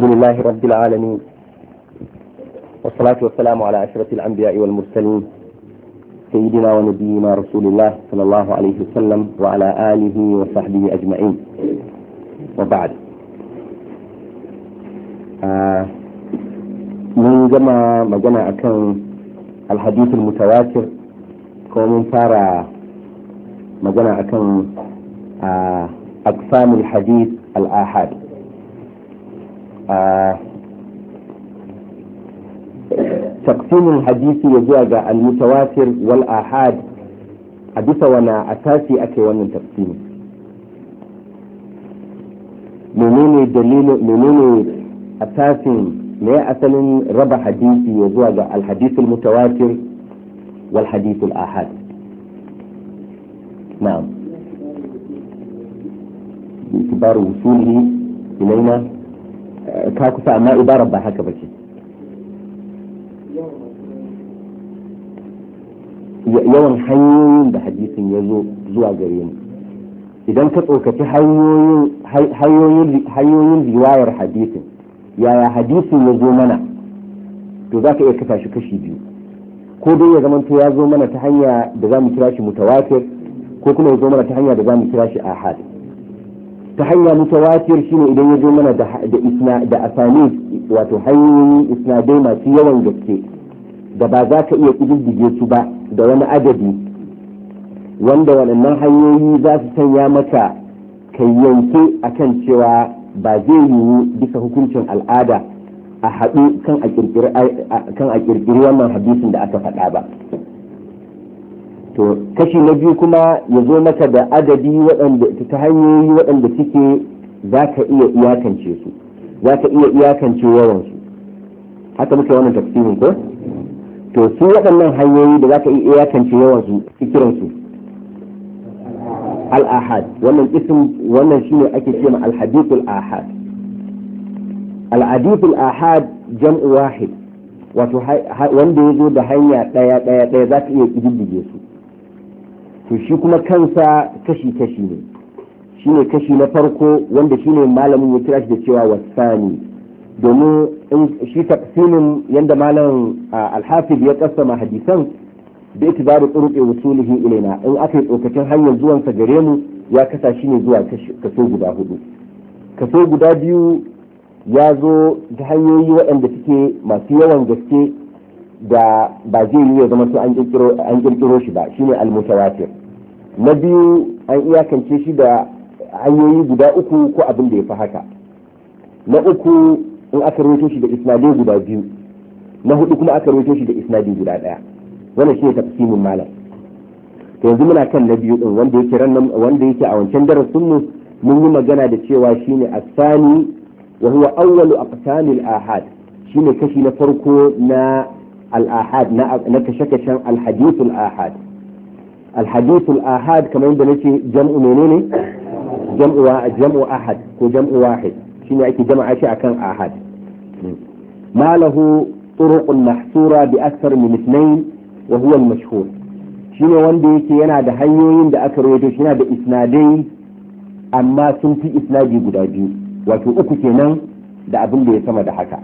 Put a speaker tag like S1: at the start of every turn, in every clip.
S1: الحمد لله رب العالمين والصلاة والسلام على أشرة الأنبياء والمرسلين سيدنا ونبينا رسول الله صلى الله عليه وسلم وعلى آله وصحبه أجمعين وبعد آه من جمع ما جمع كان الحديث المتواتر كومن فارا جمع كان آه أقسام الحديث الآحاد تقسيم الحديث يزوج المتواتر والآحاد حديث وانا أساسي أكي وانا تقسيم منين دليل منين أساسي ما أصل ربع حديث يزوج الحديث المتواتر والحديث الآحاد نعم باعتبار وصوله إلينا ka kusa amma ibarar ba haka ba ce yawan hanyoyin da hadisin ya zo zuwa gare ni idan ka tsokaci hanyoyin riwayar hadisin yaya hadisin ya zo mana to za ka iya kafa shi kashi biyu ko dai ya zama to ya zo mana ta hanya da za mu kira shi mutawatir ko kuma ya zo mana ta hanya da za mu kira shi ahad ta hanya mutawatir shine idan ya zo mana da isna da asani wato hanyoyin isnadai masu yawan gaske da ba za ka iya kididdige su ba da wani adadi wanda waɗannan hanyoyi za su sanya maka ka yanke akan cewa ba zai yiwu bisa hukuncin al'ada a haɗu kan a ƙirƙiri wannan hadisin da aka faɗa ba to kashi na biyu kuma ya zo maka da adadi waɗanda ta hanyoyi waɗanda suke za ka iya iyakance su za ka iya iyakance yawansu haka muke wannan tafsirin ko to su waɗannan hanyoyi da za ka iya iyakance yawansu kiransu al-ahad wannan isim wannan shine ake cewa al-hadithul ahad al-hadithul ahad jam'u wahid wato wanda ya zo da hanya ɗaya ɗaya ɗaya za ka iya ƙididdige su to shi kuma kansa kashi-kashi ne shi ne kashi na farko wanda shi ne malamin ya kira shi da cewa wasani domin shi taqsimin yadda malam alhafiz ya kasama hadisan da ita za da tsurɓe wasulihi ilaina in aka yi tsokacin hanyar zuwansa gare mu ya kasa shi ne zuwa kaso guda hudu kaso guda biyu ya zo ta hanyoyi waɗanda suke masu yawan gaske da ba zai yi ya zama su an kirkiro shi ba shine al-mutawatir na biyu an iyakance shi da hanyoyi guda uku ko abin da ya fi haka na uku in aka rawaito shi da isnadai guda biyu na hudu kuma aka rawaito shi da isnadi guda daya wannan shine tafsimin malam to yanzu muna kan na biyu din wanda yake ran wanda yake a wancan darasin mu mun yi magana da cewa shine asani wa huwa awwalu aqsamil ahad shine kashi na farko na al ahad na kashe-kashen al hadithul ahad alhadithul ahad kamar yadda nake jam'u menene jam'u jam'u ahad ko jam'u wahid shine ake jama'a shi akan ahad ma lahu turuqun mahsura bi akthar min ithnain wa huwa al-mashhur shine wanda yake yana da hanyoyin da aka rawaito shi yana da isnadai amma sun fi isnadi guda biyu wato uku kenan da abin da ya sama da haka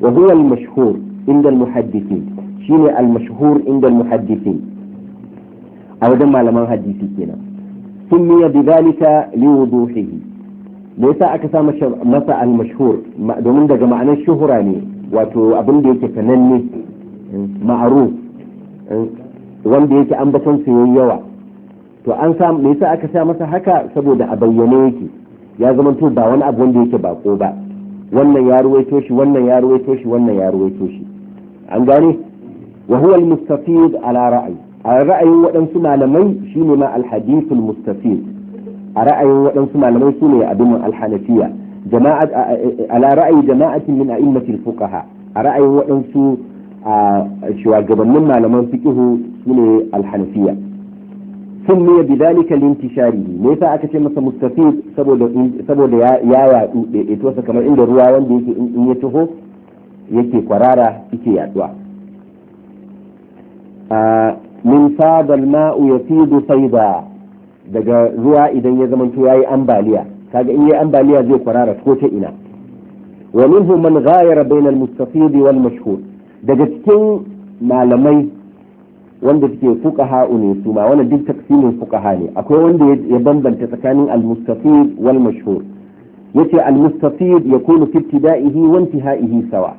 S1: wa huwa al-mashhur inda al-muhaddithin shine al-mashhur inda al-muhaddithin a wajen malaman hadisi kenan aka سمي masa لوضوحه ليس أكسا مساء المشهور دومن دا معنى الشهرة ني واتو أبن ديك wanda yake وان ديك أنبسن سيويوا to an samu me yasa aka sa masa haka saboda a bayyane yake ya zama to ba wani abu wanda yake bako ba wannan ya ruwaito shi wannan ya ruwaito shi wannan ya ruwaito shi an gane wa huwa al-mustafid ala ra'ayi a ra'ayin waɗansu malamai ne ma alhadithul mustafid a ra'ayin waɗansu malamai shine abin alhanafiya jama'a ala ra'ayi jama'atin min a'immatil fuqaha a ra'ayin waɗansu shugabannin malaman fiqhu shine alhanafiya سمي بذلك لانتشاره ليس أكثر مثل مستفيد سبب يا يا ruwa wanda عند الرواية ya taho yake kwarara يكي يدوا min fada al-ma'u yafidu saida daga ruwa idan ya zamanto yi ambaliya kaga in yi ambaliya zai kwarara ko ta ina wa minhu man ghayara bayna al wal mashhur daga cikin malamai wanda suke fuqaha ne su ma wannan duk taksimin fuqaha ne akwai wanda ya bambanta tsakanin al-mustafid wal mashhur yace al-mustafid yakunu fi ibtida'ihi wa intihaihi sawa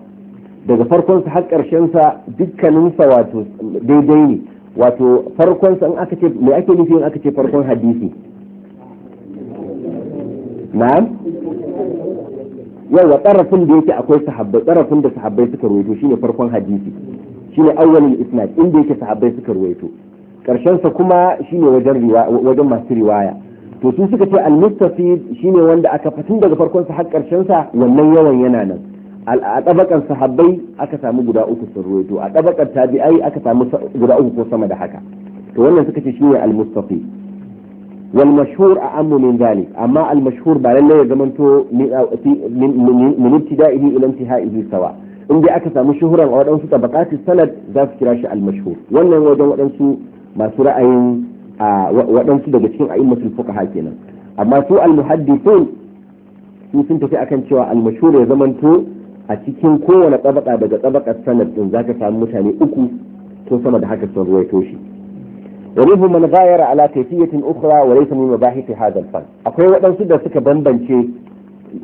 S1: daga farkon sa har karshen sa dukkanin sa wato daidai ne wato farkon san aka ce me ake nufi in aka ce farkon hadisi na'am yawa tsarafin da yake akwai sahabbai tsarafin da sahabbai suka ruwaito shine farkon hadisi shine awwalul isnad inda yake sahabbai suka ruwaito karshen sa kuma shine wajen riwaya wajen masu riwaya to su suka ce al-mustafid shine wanda aka fatin daga farkon sa har karshen sa wannan yawan yana nan a tabakan sahabbai aka samu guda uku sun ruwaito a tabakan tabi'ai aka samu guda uku ko sama da haka to wannan suka ce shine al-mustafi wal mashhur a ammu min zalik amma al mashhur ba lalle ya zamanto min ibtida'ihi ila intihaihi sawa in dai aka samu shuhuran a wadansu tabaqati sanad za su kira shi al mashhur wannan wajen waɗansu masu ra'ayin waɗansu daga cikin a'immatul fuqaha kenan amma su al muhaddithun su sun tafi akan cewa al mashhur ya zamanto a cikin kowane tsabaka daga tsabakar sanad din zaka samu mutane uku to sama da haka sun ruwaito shi wa minhum man ghayara ala kayfiyatin ukhra wa laysa min mabahith hadha al-fan akwai waɗansu da suka bambance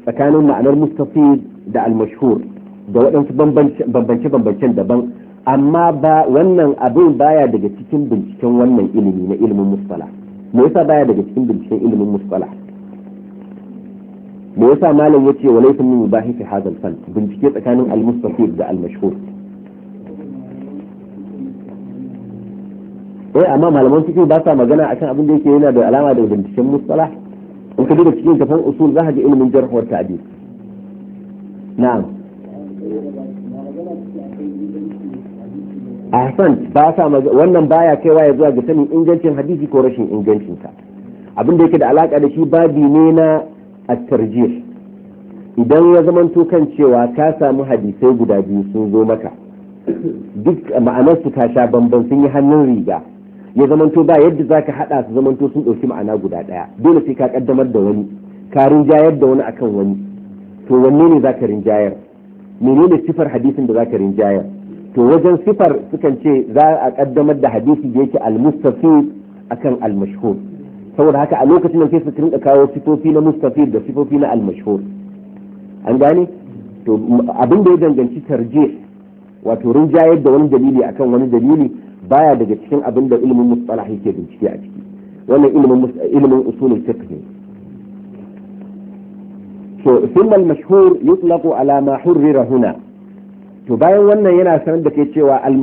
S1: tsakanin ma'anar mustafid da al-mashhur da waɗansu bambance bambancen daban amma ba wannan abin baya daga cikin binciken wannan ilimi na ilimin mustala me yasa baya daga cikin binciken ilimin mustala me yasa malam yace wa laysa min mubahi fi hadha al-fan bincike tsakanin al-mustafid da al-mashhur eh amma malaman suke ba sa magana akan abin da yake yana da alama da binciken mustalah in ka duba cikin kafan usul za ka ga ilimin jarh wa ta'dil na'am ahsan ba sa magana wannan baya kaiwa ya zuwa ga sanin ingancin hadisi ko rashin ingancinsa abin da yake da alaka da shi babi ne na at-tarjih idan ya zamanto kan cewa ka samu hadisai guda biyu sun zo maka duk ma'anar su ta sha bamban sun yi hannun riga ya zamanto ba yadda zaka haɗa su zamanto sun ɗauki ma'ana guda ɗaya dole sai ka ƙaddamar da wani ka rinjayar da wani akan wani to wanne ne zaka rinjayar menene sifar hadisin da zaka rinjayar to wajen sifar sukan ce za a kaddamar da hadisi da yake al-mustafi akan al-mashhur saboda haka a lokacin da su rinka kawo sifofi na mustafid da sifofi na almashhur an gane to abin da ya danganci tarje wato rinjayar da wani dalili akan wani dalili baya daga cikin abin da ilimin mustalah yake bincike a ciki wannan ilimin ilimin usulul fiqh ne to thumma al yutlaqu ala ma hurrira huna to bayan wannan yana sanar da ke cewa al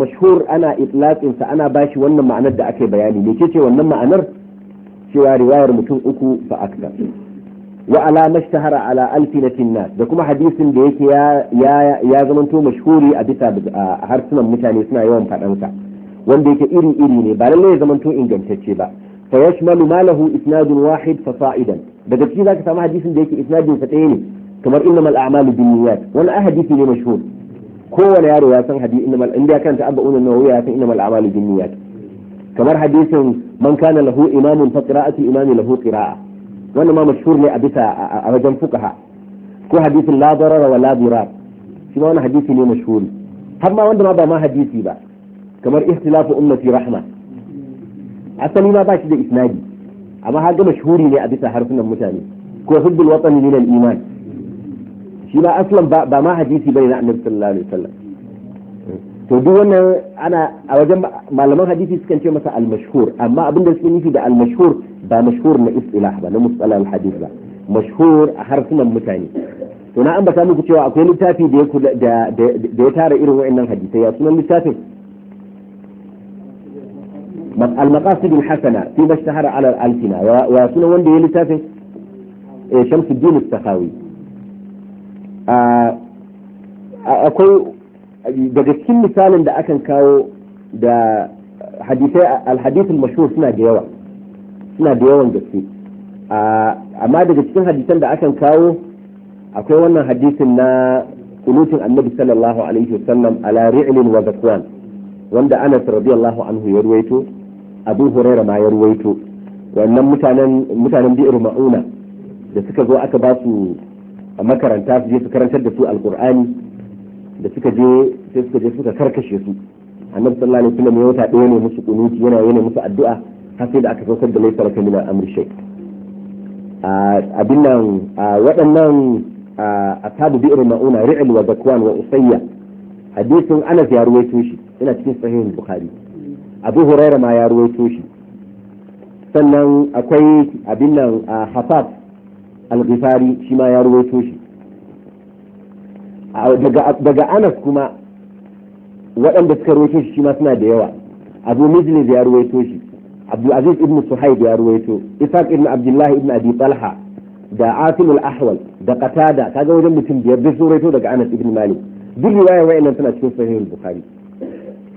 S1: ana itlaqin sa ana bashi wannan ma'anar da ake bayani me ke ce wannan ma'anar cewa riwayar mutum uku fa akthar wa ala mashtahara ala alfinatin nas da kuma hadisin da yake ya ya ya zamanto mashhuri a bisa harsunan mutane suna yawan fadansa wanda yake iri iri ne ba lalle ya zamanto ingantacce ba fa yashmalu ma lahu isnadun wahid fa sa'idan daga cikin zaka samu hadisin da yake isnadin sa ɗaya ne kamar innamal a'malu binniyat a hadisi ne mashhur kowane yaro ya san hadisi innamal inda ya karanta abba unan nawawi ya san innamal a'malu binniyat kamar hadisin man kana lahu imamun fa qira'atu imami lahu qira'a wannan ma mashhur ne a bisa a wajen fuqaha ko hadisin la darara wa la dirar shi ma wannan hadisi ne mashhuri har ma wanda ma ba ma hadisi ba kamar ihtilafu ummati rahma asali ma ba shi da isnadi amma har ga mashhuri ne a bisa harsunan mutane ko hubbul watani min al-iman shi ma aslan ba ma hadisi bane na annabi sallallahu alaihi wasallam to duk wannan ana a wajen malaman hadisi sukan ce masa al-mashhur amma abin da suke nufi da al-mashhur ba mashhur na istilah ba na mustalah al-hadith ba mashhur a harsunan mutane to na ambata muku cewa akwai littafi da ya da ya tara irin wa'annan hadisai ya sunan littafin المقاصد الحسنة فيما اشتهر على الألسنة وسنة وندي لتافه شمس الدين السخاوي akwai daga cikin misalin da akan kawo da hadisai alhadisul mashhur suna da yawa suna da yawan gaske amma daga cikin hadisan da akan kawo akwai wannan hadisin na kunutun annabi sallallahu alaihi wasallam ala ri'lin wa zakwan wanda Anas radiyallahu anhu ya ruwaito Abu huraira ma ya ruwaito wannan mutanen mutanen bi'ir ma'una da suka zo aka ba su makaranta su je su karantar da su alqur'ani da suka je sai suka je suka karkashe su annabi sallallahu alaihi wasallam ya wata ɗaya ne musu kunuti yana yana musu addu'a har sai da aka saukar da laifin raka min amr shay abin nan waɗannan ashabu bi'r mauna ri'l wa zakwan wa usayya hadisin Anas ya ruwaito shi cikin sahihin bukhari Abu Hurairah ma ya ruwaito shi sannan akwai abin nan hafaf al-Ghifari shi ma ya ruwaito shi daga anas kuma waɗanda suka roke shi ma suna da yawa abu mijlis ya ruwaito shi abdulaziz ibn suhaib ya ruwaito isaac ibn abdullahi ibn abi talha da asim al-ahwal da qatada kaga wajen mutum biyar ya sun ruwaito daga anas ibn malik duk riwaya wayannan tana cikin sahih al-bukhari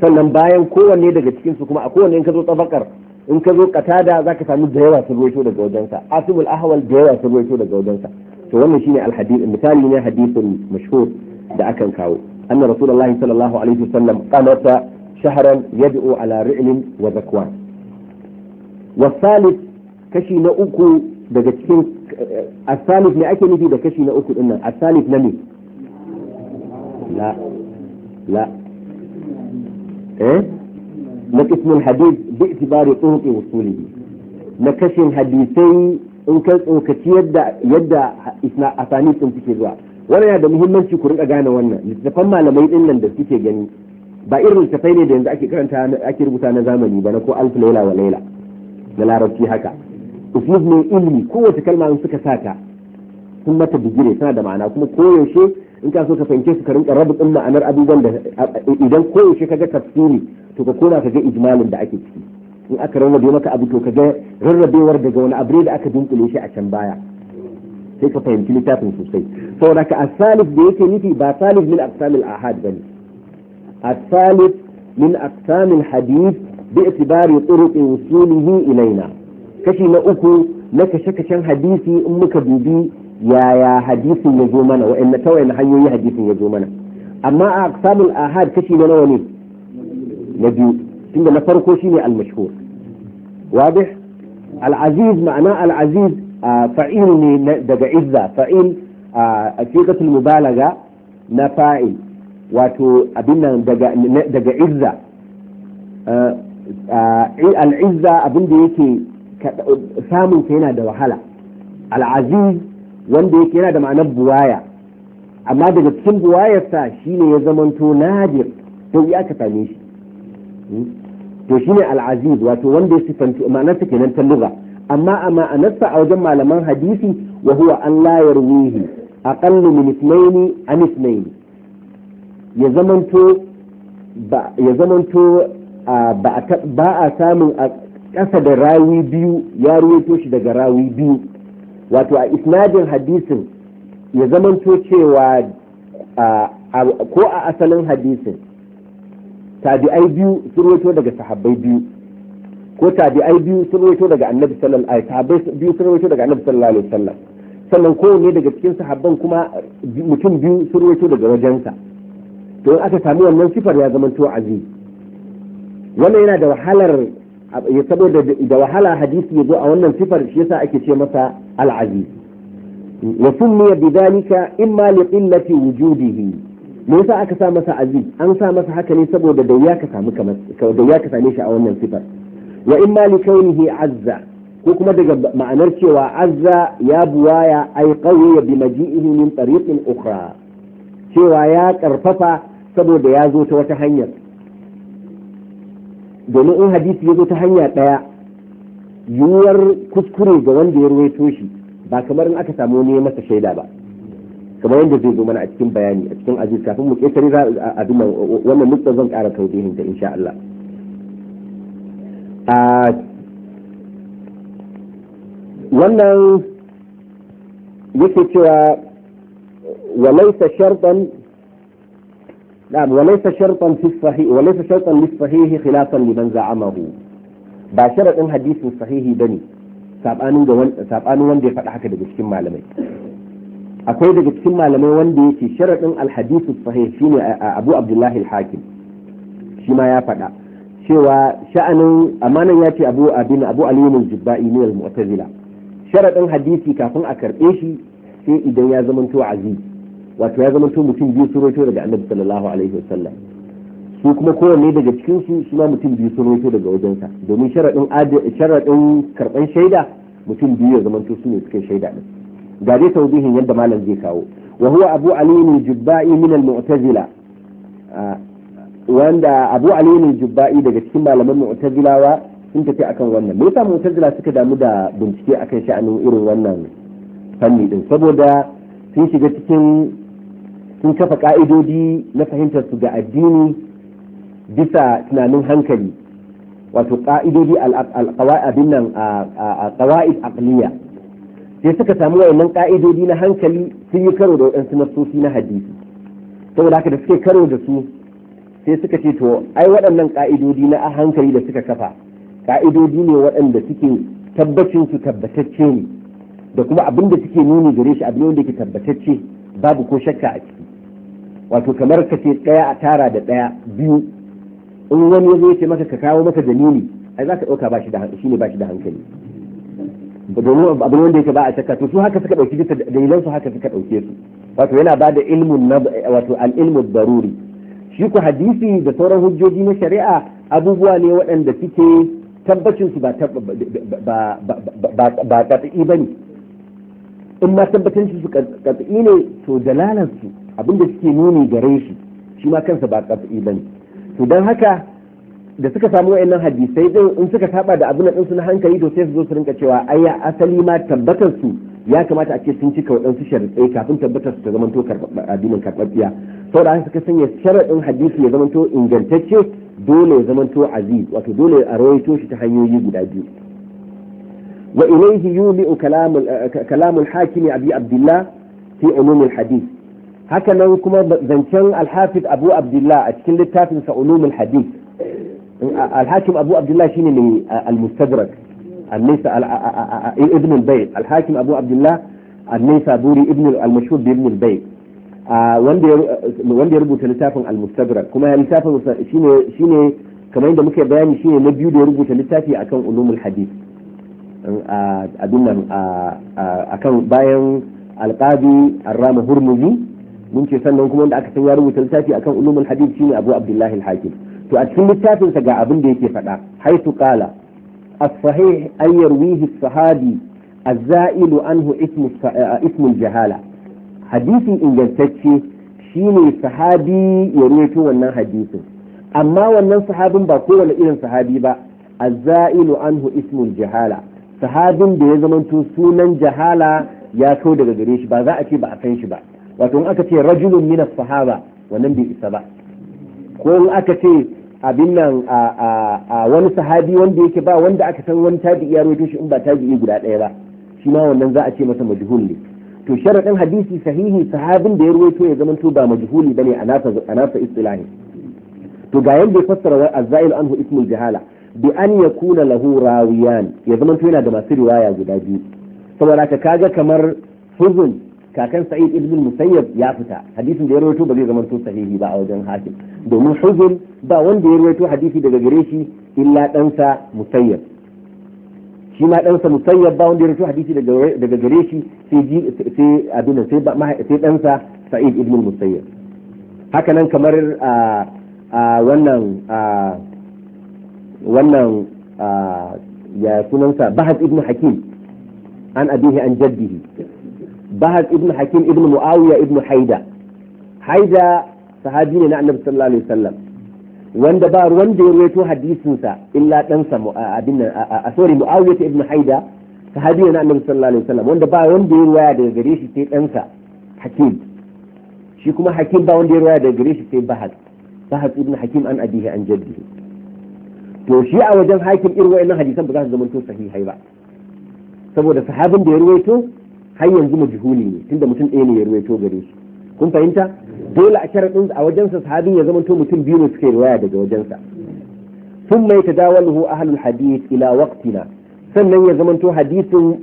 S1: sannan bayan kowanne daga cikin su kuma a kowanne in ka zo tabakar in ka zo qatada zaka samu da yawa sun ruwaito daga wajensa asim al-ahwal da yawa sun ruwaito daga wajensa to wannan shine alhadith misali ne hadithun mashhur da akan kawo anna rasulullahi sallallahu alaihi wasallam qanata shahran yad'u ala ri'lin wa zakwan wa والثالث kashi na uku daga cikin asalif ne ake nufi da kashi na uku dinnan asalif na ne la la eh na kismin hadith bi itibari tsohon usulihi na kashin hadisai in kai tsokaci yadda yadda isna asani din suke zuwa wannan yana da muhimmanci ku rika gane wannan littafan malamai din nan da suke gani ba irin littafai ne da yanzu ake karanta ake rubuta na zamani ba na ko alf laila wa laila na larabci haka usul ne ilmi kowace kalma in suka sata sun mata bigire tana da ma'ana kuma koyaushe in ka so ka fahimce su ka rinka rabu din ma'anar abubuwan da idan koyaushe ka ga tafsiri to ka koma ka ga ijmalin da ake ciki in aka rarrabe maka abu to kaga rarrabewar daga wani abu da aka dunkule shi a can baya sai ka fahimci littafin sosai saboda ka asalif da yake nufi ba salif min aqsamil ahad bane asalif min aqsamil hadith bi itibari turuq wusulihi ilaina kashi na uku na kashe-kashen hadisi in muka dubi yaya hadisin ya zo mana wa'anne ta wa'anne hanyoyi hadisin ya zo mana amma a aqsamul ahad kashi na nawa ne na biyu tunda na farko shine al-mashhur wadih al-aziz ma'ana al-aziz fa'il ne daga izza fa'il a fiqatul mubalaga na fa'il wato abin nan daga izza al-izza abin da yake samun ka yana da wahala al-aziz wanda yake yana da ma'anar buwaya amma daga cikin buwayarsa shine ya zamanto nadir sai ya ka same shi hmm? to shine al-aziz wato wanda ya sifanci ma'anar ta kenan ta lugha amma a ma'anarsa a wajen malaman hadisi wa huwa an la yarwihi aqallu min ithnaini an ithnaini ya zamanto ba ya zamanto ba a samun a ƙasa da rawi biyu ya ruwaito shi daga rawi biyu wato a isnadin hadisin ya zamanto cewa ko a asalin hadisin tabi'ai biyu sun rawaito daga sahabbai biyu ko tabi'ai biyu sun rawaito daga annabi sallallahu alaihi wasallam sahabbai biyu sun rawaito daga annabi sallallahu alaihi wasallam sannan kowanne daga cikin sahabban kuma mutum biyu sun rawaito daga wajensa to in aka sami wannan sifar ya zama to aziz wannan yana da wahalar ya saboda da wahala hadisi ya zo a wannan sifar shi yasa ake ce masa al-aziz wa sunniya bidalika imma li qillati wujudihi me yasa aka sa masa aziz an sa masa haka ne saboda da ya ka samu kamar da ya ka same shi a wannan sifar wa in mali kaunihi azza ko kuma daga ma'anar cewa azza ya buwaya ay qawiya bi maji'ihi min tariqin ukhra cewa ya karfafa saboda ya zo ta wata hanyar domin in hadisi ya zo ta hanya daya yiwuwar kuskure ga wanda ya ruwaito shi ba kamar in aka samu ne masa shaida ba kamar yadda zai zo mana a cikin bayani a cikin aziz kafin mu za a nan wannan nutsa zan kara taudihin ta insha Allah a wannan yake cewa walaisa shartan na'am walaisa shartan fi sahih walaisa shartan li sahih khilafan liman za'amahu ba sharadin hadisin sahihi bane sabanin ga wanda ya faɗa haka daga cikin malamai akwai daga cikin malamai wanda ya yake sharaɗin alhadisu sahih shine abu abdullahi al-hakim shi ma ya faɗa cewa sha'anin amanan ya ce abu abin abu aliyu jibba'i ne al-mu'tazila sharaɗin hadisi kafin a karɓe shi sai idan ya zamanto aziz wato ya zamanto mutum biyu sun roto daga annabi sallallahu alaihi wasallam su kuma kowanne daga cikin su suna mutum biyu sun roto daga wajensa domin sharaɗin sharaɗin karɓan shaida mutum biyu ya zamanto su ne suka shaida din ga dai tawbihin yadda malam zai kawo wa huwa abu aliyu jubba'i min al-mu'tazila wanda abu aliyu jubba'i daga cikin malaman mu'tazilawa sun tafi akan wannan me yasa mu'tazila suka damu da bincike akan sha'anin irin wannan fanni din saboda sun shiga cikin sun kafa ka'idodi na fahimtar su ga addini bisa tunanin hankali wato ka'idodi al-qawa'id nan a qawa'id aqliya sai suka samu wayannan ka'idodi na hankali sun yi karo da waɗansu nasosi na hadisi saboda haka da suke karo da su sai suka ce to ai waɗannan ka'idodi na a hankali da suka kafa ka'idodi ne waɗanda suke tabbacin su tabbatacce ne da kuma abin da suke nuni gare shi abin da ke tabbatacce babu ko shakka a ciki wato kamar ka ce ɗaya a tara da ɗaya biyu in wani ya zo ya ce maka ka kawo maka dalili ai za ka ɗauka ba shi da hankali shi ne ba shi da hankali domin abin wanda yake ba a shakka to su haka suka dauki bisa dalilan su haka suka dauke su wato yana bada ilmun wato al ilmu daruri shi ku hadisi da sauran hujjoji na shari'a abubuwa ne waɗanda suke tabbacin su ba ba ba ne, in ma tabbacin su katsi ne to dalalan su abinda suke nuni gare shi shi ma kansa ba katsi bane to dan haka da suka samu wayannan hadisai din in suka saba da abin din su na hankali to sai su zo su rinka cewa ai asali ma tabbatar su ya kamata a ce sun cika waɗansu sharaɗai kafin tabbatar su ta zama to addinin karɓaɓɓiya saboda haka suka sanya sharaɗin hadisi ya zama to ingantacce dole ya zama to aziz wato dole a rawaito shi ta hanyoyi guda biyu wa ilaihi yuli'u kalamul hakimi abi abdullah fi umumul hadith haka nan kuma zancen alhafiz abu abdullah a cikin littafin sa ulumul hadith الحاكم أبو عبد الله شيني من المستدرك النيسى ابن البيت الحاكم أبو عبد الله النيسى بوري ابن المشهور بابن البيت wanda ya rubuta littafin al-mustadrak kuma littafin shine shine kamar yadda muke bayani shine na biyu da ya rubuta littafi akan ulumul hadith abin nan akan bayan alqadi arrama hurmuzi mun ce kuma wanda aka san ya rubuta littafi akan ulumul hadith shine abu hakim to a cikin littafinsa ga abin da yake faɗa haitu kala asahi an yarwihi sahabi az-za'ilu anhu ismu eh, jahala hadisi ingantacce shine sahabi ya rawaito wannan hadisin amma wannan sahabin ba kowane irin sahabi ba az-za'ilu anhu ismu jahala sahabin da ya zamanto sunan jahala ya so daga gare shi ba za a ce ba a san shi ba wato in aka ce rajulun min as-sahaba wannan bai isa ba ko in aka ce abin nan a wani sahabi wanda yake ba wanda aka san wani tabi'i ya rawaito shi in ba tabi'i guda ɗaya ba shi ma wannan za a ce masa majhul ne to sharadin hadisi sahihi sahabin da ya rawaito ya zama to ba majhuli bane a nasa a nasa istilahi to ga yanda ya fassara wa azzail anhu ismul jahala bi an yakuna lahu rawiyan ya zama to yana da masu riwaya guda biyu saboda ka kaga kamar huzun kakan sa'id ibn musayyab ya fita hadisin da ya rawaito ba zai zama to sahihi ba a wajen hakim domin hujr ba wanda ya rawaito hadisi daga gare shi illa ɗansa musayyab shi ma ɗansa musayyab ba wanda ya rawaito hadisi daga gare shi sai ji sai abin sai ba sai ɗansa sa'id ibn musayyab haka nan kamar a wannan wannan ya sunansa bahad ibn hakim an abihi an jaddihi bahar ibn hakim ibn muawiya ibn haida haida sahabi ne na annabi sallallahu alaihi wasallam wanda ba wanda ya rawaito hadisinsa illa ɗansa abin nan a sorry muawiya ibn haida sahabi ne na annabi sallallahu alaihi wasallam wanda ba wanda ya rawaya daga gare shi sai ɗansa hakim shi kuma hakim ba wanda ya rawaya daga gare shi sai ibn hakim an an to shi a wajen hakim irwa ina hadisan ba za su zama to sahihai ba saboda sahabin da ya rawaito har yanzu majhuli ne tunda mutum ɗaya ne ya ruwaito gare su kun fahimta dole a sharadin a wajensa sahabin ya zama to mutum biyu ne suke riwaya daga wajensa ثم يتداوله أهل الحديث إلى وقتنا sannan ya zamanto hadisin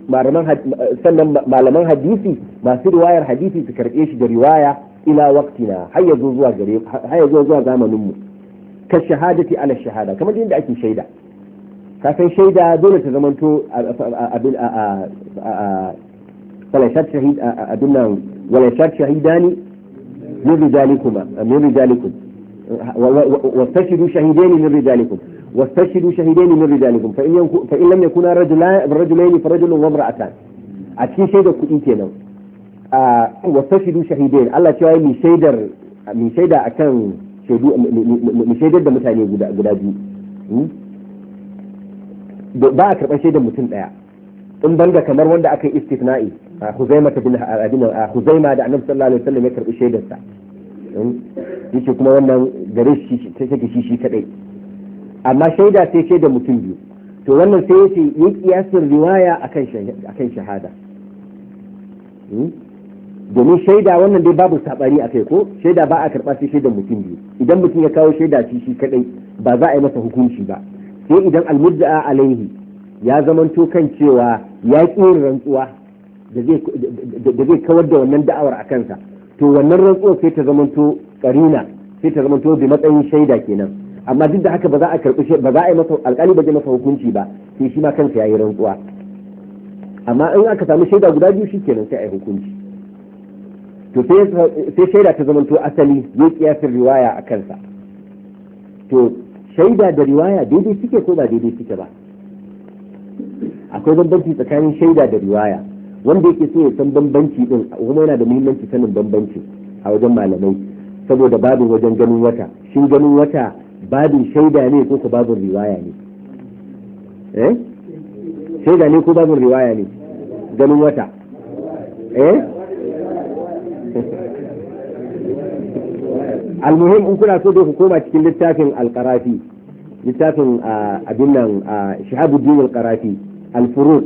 S1: sannan malaman hadisi masu riwayar hadisi su karɓe shi da riwaya ila waqtina har ya zo zuwa gare har ya zo zuwa zamanin mu ka shahadati ala shahada kamar yadda ake shaida ka san shaida dole ta zamanto wala shahid shahid abin nan wala shahid shahidani min rijalikum min واستشهدوا شهيدين من رجالكم واستشهدوا شهيدين من رجالكم فإن, ينكو فإن لم يكونا رجلين رجلين فرجل وامرأتان أتشي شهيدا كنتي كينا واستشهدوا شهيدين الله تعالى من شهيدر من أكان shaidar da mutane guda biyu ba a karɓar shaidar mutum ɗaya in banga kamar wanda aka yi istifna'i Huzaima bin Abin Huzaima da Annabi sallallahu alaihi wasallam ya karbi shaidar sa yake kuma wannan gare shi take shi shi kadai amma shaida sai shaida mutum biyu to wannan sai yace yi kiyasin riwaya akan akan shahada domin shaida wannan dai babu sabari a kai ko shaida ba a karɓa sai shaidan mutum biyu idan mutum ya kawo shaida shi shi kadai ba za a yi masa hukunci ba sai idan almudda'a alaihi ya zamanto kan cewa ya ƙi rantsuwa da zai kawar da wannan da'awar a kansa to wannan rantsuwar sai ta zamanto karina sai ta zamanto bi matsayin shaida kenan amma duk da haka ba za a karbi ba za a yi masa alƙali ba masa hukunci ba sai shi ma kansa ya yi rantsuwa amma in aka samu shaida guda biyu shikenan sai a yi hukunci to sai shaida ta zamanto asali ya kiyasin riwaya a kansa to shaida da riwaya daidai suke ko ba daidai suke ba akwai bambanci tsakanin shaida da riwaya wanda yake so ya san bambanci din kuma yana da muhimmanci sanin bambanci a wajen malamai saboda babin wajen ganin wata shin ganin wata babin shaida ne ko babin riwaya ne eh shaida ne ko babin riwaya ne ganin wata
S2: eh
S1: almuhim in kuna so dai ku koma cikin littafin alqarafi littafin ah, abin nan ah, shahabuddin alqarafi alfuruq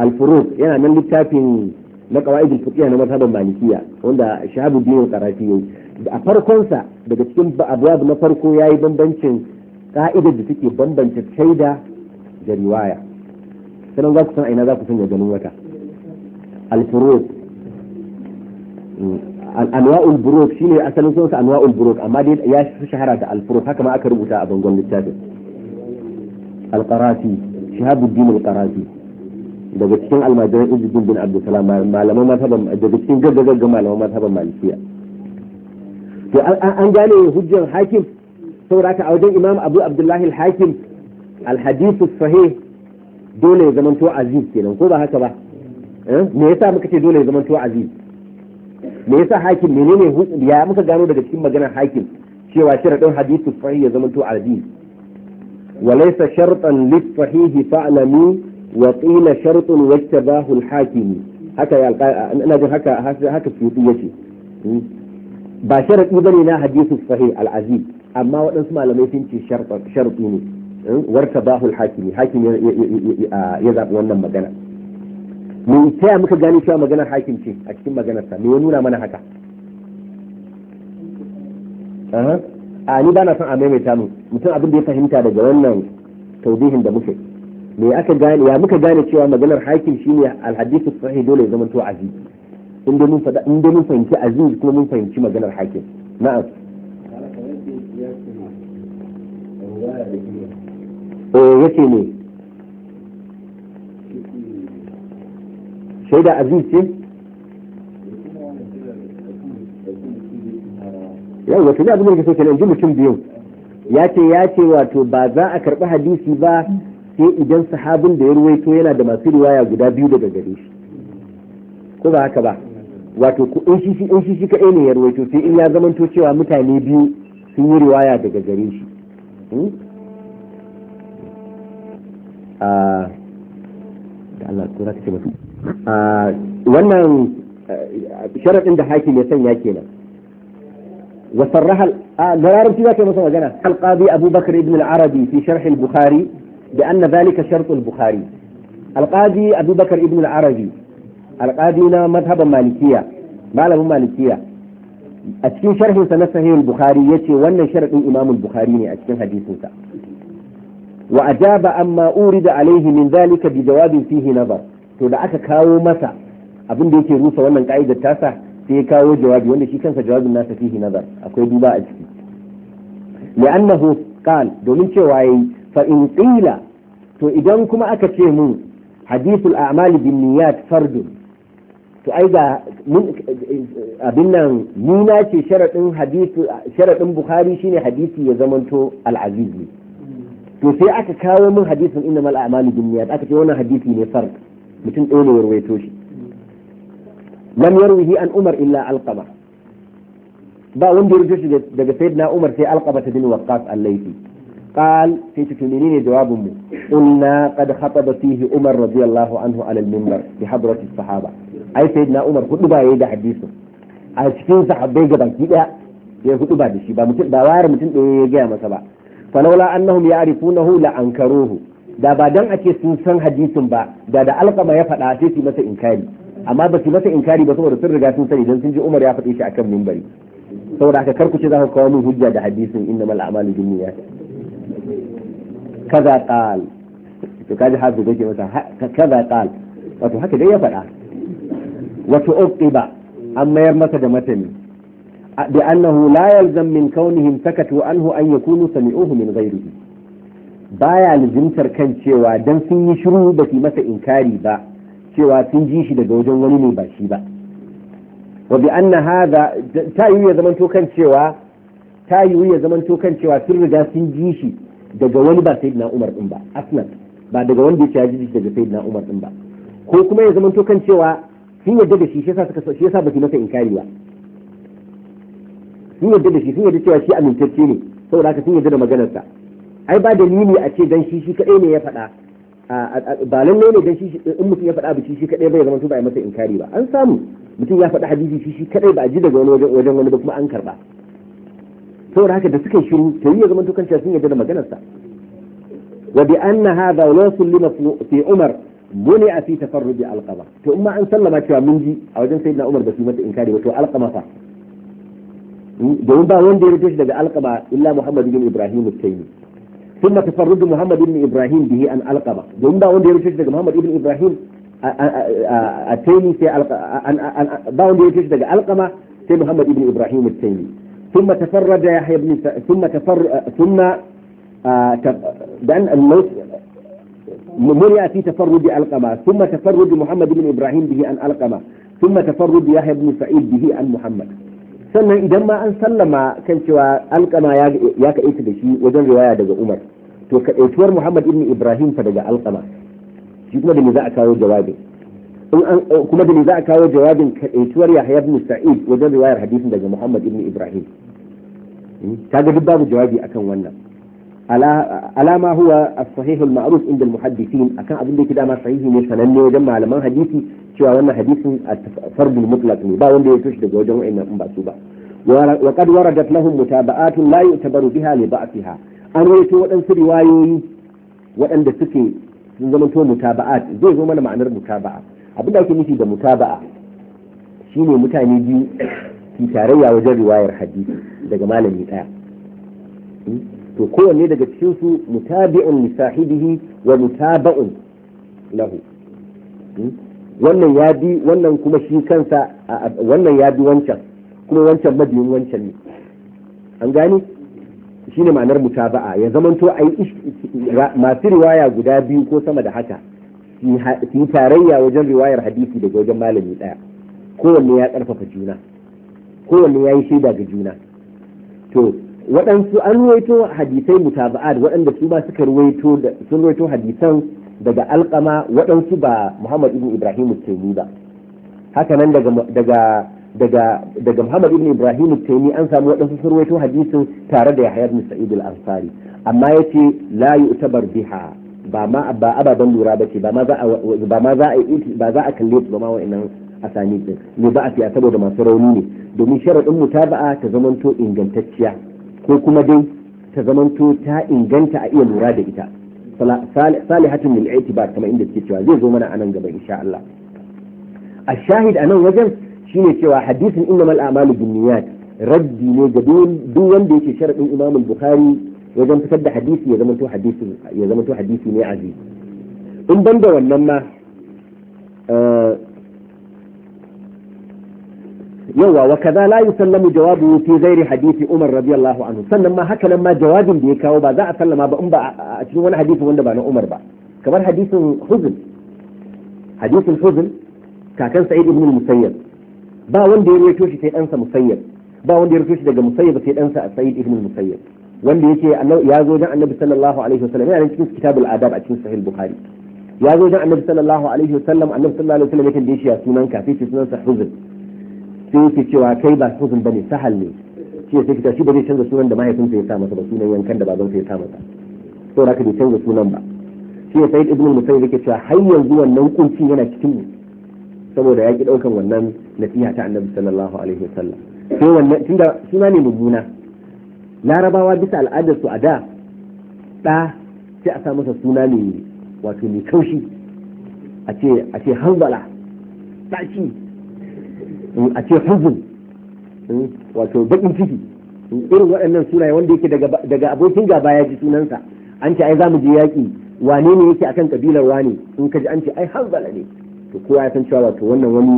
S1: الفروق يعني من لتافين مقواعد الفقهية نمثل المالكية عند شعب الدين القرافي أفر كونسا بجتكم بأبواب مفركو ياي بمبنشن قائدة بفكي بمبنش الشيدة جريواية سنو ذاك سنع اينا ذاك سنع جنوك الفروق أنواع البروق شيني أسأل سنوك أنواع البروق أما دي ياش شهرة الفروق هكما أكربوتا أبنقل للتابع القراسي شهاب الدين القراسي daga cikin almajiran izidin bin abdulsalam malaman mazhaban daga cikin gaggagagga malaman mazhaban malikiya to an gane hujjar hakim saboda a wajen imam abu abdullahi al-hakim al-hadithu sahih dole ya zamanto aziz kenan ko ba haka ba eh? me yasa muka ce dole ya zamanto aziz me yasa hakim menene ya muka gano daga cikin maganar hakim cewa sharadin hadithu sahih ya zamanto aziz wa laysa shartan lis sahih fa'lami wa qila shartun wattabahu al haka ya ina jin haka haka sufi yace hmm? ba sharadi bane na hadithu sahih al-aziz amma waɗansu malamai sun ce sharadi ne hmm? warta bahul hakimi hakim ya zaɓi wannan magana me ta muka gane cewa maganar hakim ce a cikin maganarsa me ya nuna mana haka a ni ba na son a maimaita mu mutum abin da ya fahimta daga wannan taudihin da muke me aka gane ya muka gane cewa maganar hakim shine alhadithu sahih dole ya zamanto aziz inda mun fada in mun fahimci aziz kuma mun fahimci maganar hakim na'am eh yace ne shaida aziz ce yau wato ne abin da kake so kenan ji mutum biyu ya ce ya ce wato ba za a karbi hadisi ba sai idan sahabin da ya ruwaito yana da masu riwaya guda biyu daga gare shi ko ba haka ba wato in shi in shi shi kaɗai ne ya ruwaito sai in ya zamanto cewa mutane biyu sun yi riwaya daga gare shi hmm? ah, ah, wannan eh, sharaɗin da hakim ya sanya kenan wasarraha ah, na larabci za ka yi masa magana alƙadi abubakar ibn al-arabi fi sharh al-bukhari بأن ذلك شرط البخاري القاضي أبو بكر ابن العربي القاضينا مذهب مالكية معلم مالكية أتكين شرح سنسه البخاري يتي وأن شرط إمام البخاري أتكين حديثه وأجاب أما أورد عليه من ذلك بجواب فيه نظر to da aka kawo masa abin da yake rusa wannan ka'idar tasa sai ya kawo jawabi wanda shi kansa jawabin nasa fihi nazar akwai duba a ciki li'annahu qal domin cewa yayi fa in qila to idan kuma aka ce mun hadithul a'mal bin niyyat fardun to ai ga abin nan ce sharadin hadithu bukhari shine hadisi ya zamanto al to sai aka kawo min hadisin innamal a'malu binniyat aka ce wannan hadisi ne fard an umar illa ba wanda ya daga shi daga sayyidina umar sai alqama ta bin an al قال في تتمنين جواب مو قلنا قد خطب فيه عمر رضي الله عنه على المنبر بحضرة الصحابة أي سيدنا عمر خطبة يدى حديثه a cikin sahabbai gaba ki daya ya hudu ba da shi ba mutum ba ware mutum ɗaya ya gaya masa ba falaula annahum ya'rifunahu la ankaruhu da ba dan ake sun san hadisin ba da da alqama ya faɗa sai su masa inkari amma ba su masa inkari ba saboda sun riga sun Umar ya shi akan saboda haka kar ce za ka kawo min hujja da hadisin innamal a'malu binniyat kaza qal to kaji hazu goke masa kaza qal wato haka dai ya faɗa wato uqiba an mayar masa da matani bi annahu la yalzam min kaunihim sakatu anhu an yakunu sami'uhu min ghairihi baya lazimtar kan cewa dan sun yi shiru ba su masa inkari ba cewa sun ji shi daga wajen wani ne ba shi ba wa bi anna hadha ta yi ya zamanto kan cewa ta yiwu ya zaman kan cewa sun riga sun ji shi daga wani ba na Umar din ba aslan ba daga wanda ya ji shi daga sayyidina Umar din ba ko kuma ya zaman kan cewa sun yadda da shi shi yasa suka shi yasa baki masa inkari ba sun yadda da shi sun yadda cewa shi amintacce ne saboda haka sun yadda da maganarsa ai ba dalili a ce dan shi shi kadai ne ya faɗa ba lalle ne dan shi in mutum ya faɗa ba shi shi kadai ya zama ba ya masa inkari ba an samu mutum ya faɗa hadisi shi shi kadai ba a ji daga wani wajen wani ba kuma an karba saboda haka da suka shiru to yi ya zama to kanta sun da maganarsa wa bi anna hadha wasul lima fi umar muni a fi tafarruji alqama to in ma an sallama cewa mun ji a wajen sayyidina umar da su mata in ba wato alqama fa hmm, domin ba wanda ya rubuta daga alqama illa Muhammadu bin ibrahim al-taymi ثم تفرد محمد بن ابراهيم به عن القبه domin ba wanda ya rubuta daga Muhammadu bin ibrahim a taimi sai ba wanda ya rubuta daga alqama sai Muhammadu bin ibrahim al ثم تفرد يحيى بن ثم تفر ثم لأن الموت مرئ في تفرد علقمة ثم تفرد محمد بن إبراهيم به عن علقمة ثم تفرد يحيى بن سعيد به عن محمد sannan idan ma an sallama kan cewa alkama ya kaɗaita da shi wajen riwaya daga umar to kaɗaituwar muhammad ibn ibrahim daga alkama shi kuma da me za a kawo jawabin Eh, kuma da za a kawo jawabin kaɗaituwar Yahya ibn Sa'id wajen riwayar hadisin daga Muhammad ibn Ibrahim hmm? kaga duk babu jawabi akan wannan alama huwa as-sahih al-ma'ruf inda al-muhaddithin akan abin da yake ma sahihi ne sananne wajen malaman hadisi cewa wannan hadisin fardul mutlaq ne ba wanda ya toshi daga wajen wa'annan in ba su ba wa qad waradat lahum mutaba'atun la yu'tabaru biha li ba'tiha an rawaito waɗansu riwayoyi waɗanda suke sun zama to mutaba'at zai zo mana ma'anar mutaba'a abin da ake nufi da mutaba'a shine mutane biyu ki tarayya wajen riwayar hadisi daga malami ɗaya hmm? to kowanne daga cikin su mutabi'un li sahibihi wa mutaba'un lahu hmm? wannan ya bi wannan kuma shi kansa wannan ya bi wancan kuma wancan mabiyin wancan ne an gani shine ma'anar mutaba'a ya zamanto ai masu riwaya guda biyu ko sama da haka su yi tarayya wajen riwayar hadisi daga wajen malami ɗaya kowanne ya ƙarfafa juna kowanne ya yi shaida ga juna to waɗansu an ruwaito hadisai mutaba'ad waɗanda su ba suka ruwaito sun ruwaito hadisan daga alƙama waɗansu ba muhammad ibn ibrahim taimi ba haka nan daga daga daga Muhammad ibn Ibrahim Taimi an samu waɗansu sun ruwaito hadisin tare da Yahya ibn Sa'id al-Ansari amma yace la yu'tabar biha ba ababen lura ba ce ba ma za a ba za a kalle su ba ma wa'annan asani din ne ba a fiya saboda masu rauni ne domin sharaɗin mu ta zamanto ingantacciya ko kuma dai ta zamanto ta inganta a iya lura da ita salihatun min ba kama inda suke cewa zai zo mana anan gaba insha Allah a shahid anan wajen shine cewa hadisin innamal a'malu binniyat raddi ne ga duk wanda yake sharaɗin Imam Bukhari wajen fitar da hadisi ya zama to hadisi ya zama to hadisi ne aziz in banda wannan ma yawa wa kaza la yusallamu jawabu fi ghairi hadisi Umar radiyallahu anhu sannan ma haka nan ma jawabin da ya kawo ba za a sallama ba in ba a cikin wani hadisi wanda ba na Umar ba kamar hadisin Huzn hadisin Huzn kakan Sa'id ibn Musayyab ba wanda ya rawaito shi sai dan sa Musayyab ba wanda ya rawaito shi daga Musayyab sai dan sa Sa'id ibn Musayyab wanda ya yake ya zo dan annabi sallallahu alaihi wasallam yana cikin kitabul adab a cikin sahih bukhari ya zo dan annabi sallallahu alaihi wasallam annabi sallallahu alaihi wasallam ya da shi ya sunan ka sai sunan sa huzn sai yake cewa kai ba huzun bane sahal ne shi sai kita shi ba zai canza sunan da mahaifinsa ya sa masa ba sunan yankan da babansa ya sa masa saboda haka bai canza sunan ba shi sai ibn musayyib yake cewa har yanzu wannan kunci yana cikin mu saboda ya ki daukan wannan nasiha ta annabi sallallahu alaihi wasallam sai wannan tunda suna ne mummuna larabawa bisa al'adarsu a da ɗa sai a sa masa suna ne wato mai kaushi a ce hanzala ɗaci a ce huzun wato baƙin ciki irin waɗannan sunaye wanda yake daga abokin gaba ya ji sunansa an ce ai za mu je yaƙi wane ne yake akan kabilar wane in ka ji an ce ai hanzala ne to kowa ya san cewa wato wannan wani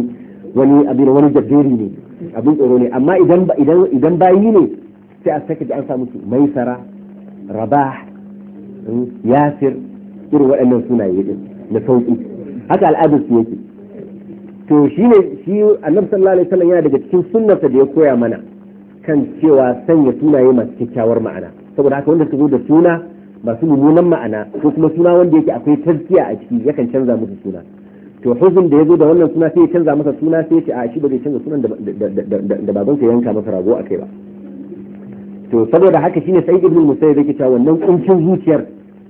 S1: wani abin wani jabberi ne abin tsoro ne amma idan idan idan bayi ne sai a saka ji an samu su maisara rabah hmm, yasir irin waɗannan sunaye din na sauƙi haka al'adar su yake to shi ne shi annabi sallallahu alaihi wasallam yana daga cikin sunnarsa da ya koya mana kan cewa sanya sunaye masu kyakkyawar ma'ana saboda haka wanda su da suna masu mummunan ma'ana ko kuma suna wanda yake akwai tazkiya a ciki yakan canza musu suna to huzun da ya zo da wannan suna sai ya canza masa suna sai ya ce a shi ba zai canza sunan da babansa yanka masa rago a kai ba to saboda haka shine sai ibn musayyib yake cewa wannan kuncin zuciyar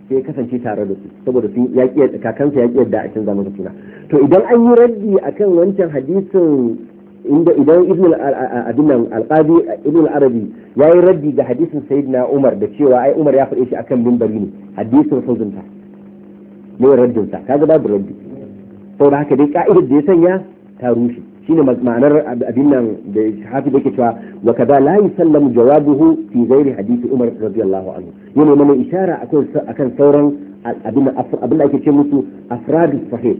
S1: sai ya kasance tare da su saboda sun yaki kakansa ya da yadda a cikin zamanin suna to idan an yi raddi akan wancan hadisin inda idan ibn abinan alqadi ibn arabi ya yi raddi ga hadisin sayyidina umar da cewa ai umar ya faɗe shi akan mimbari ne hadisin huzunta ne raddinsa kaga babu raddi saboda haka dai ka'idar da ya sanya ta rushe shine ma'anar abin nan da hafi da ke cewa wa kaza la yusallamu jawabuhu fi ghairi hadisi Umar radiyallahu anhu yana mana ishara akan akan sauran abin abin da ake ce musu afradu sahih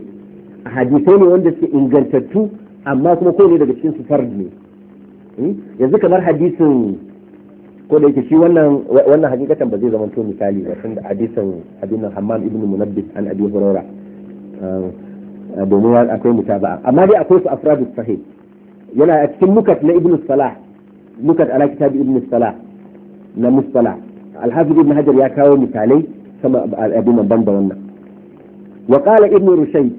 S1: hadisai ne wanda suke ingantattu amma kuma ko ne daga cikin su fard ne hmm? yanzu kamar hadisin ko da yake shi wannan wannan hakikatan ba zai zama to misali ba tunda hadisin abin nan Hammam ibnu munabbis an Abi Hurairah um, domin akwai mutaba'a amma dai akwai su afradu sahih yana a cikin nukat na ibn salah nukat ala kitab ibn salah na mustalah alhafiz ibn hajar ya kawo misalai sama abin ban da wannan wa qala ibn rushayd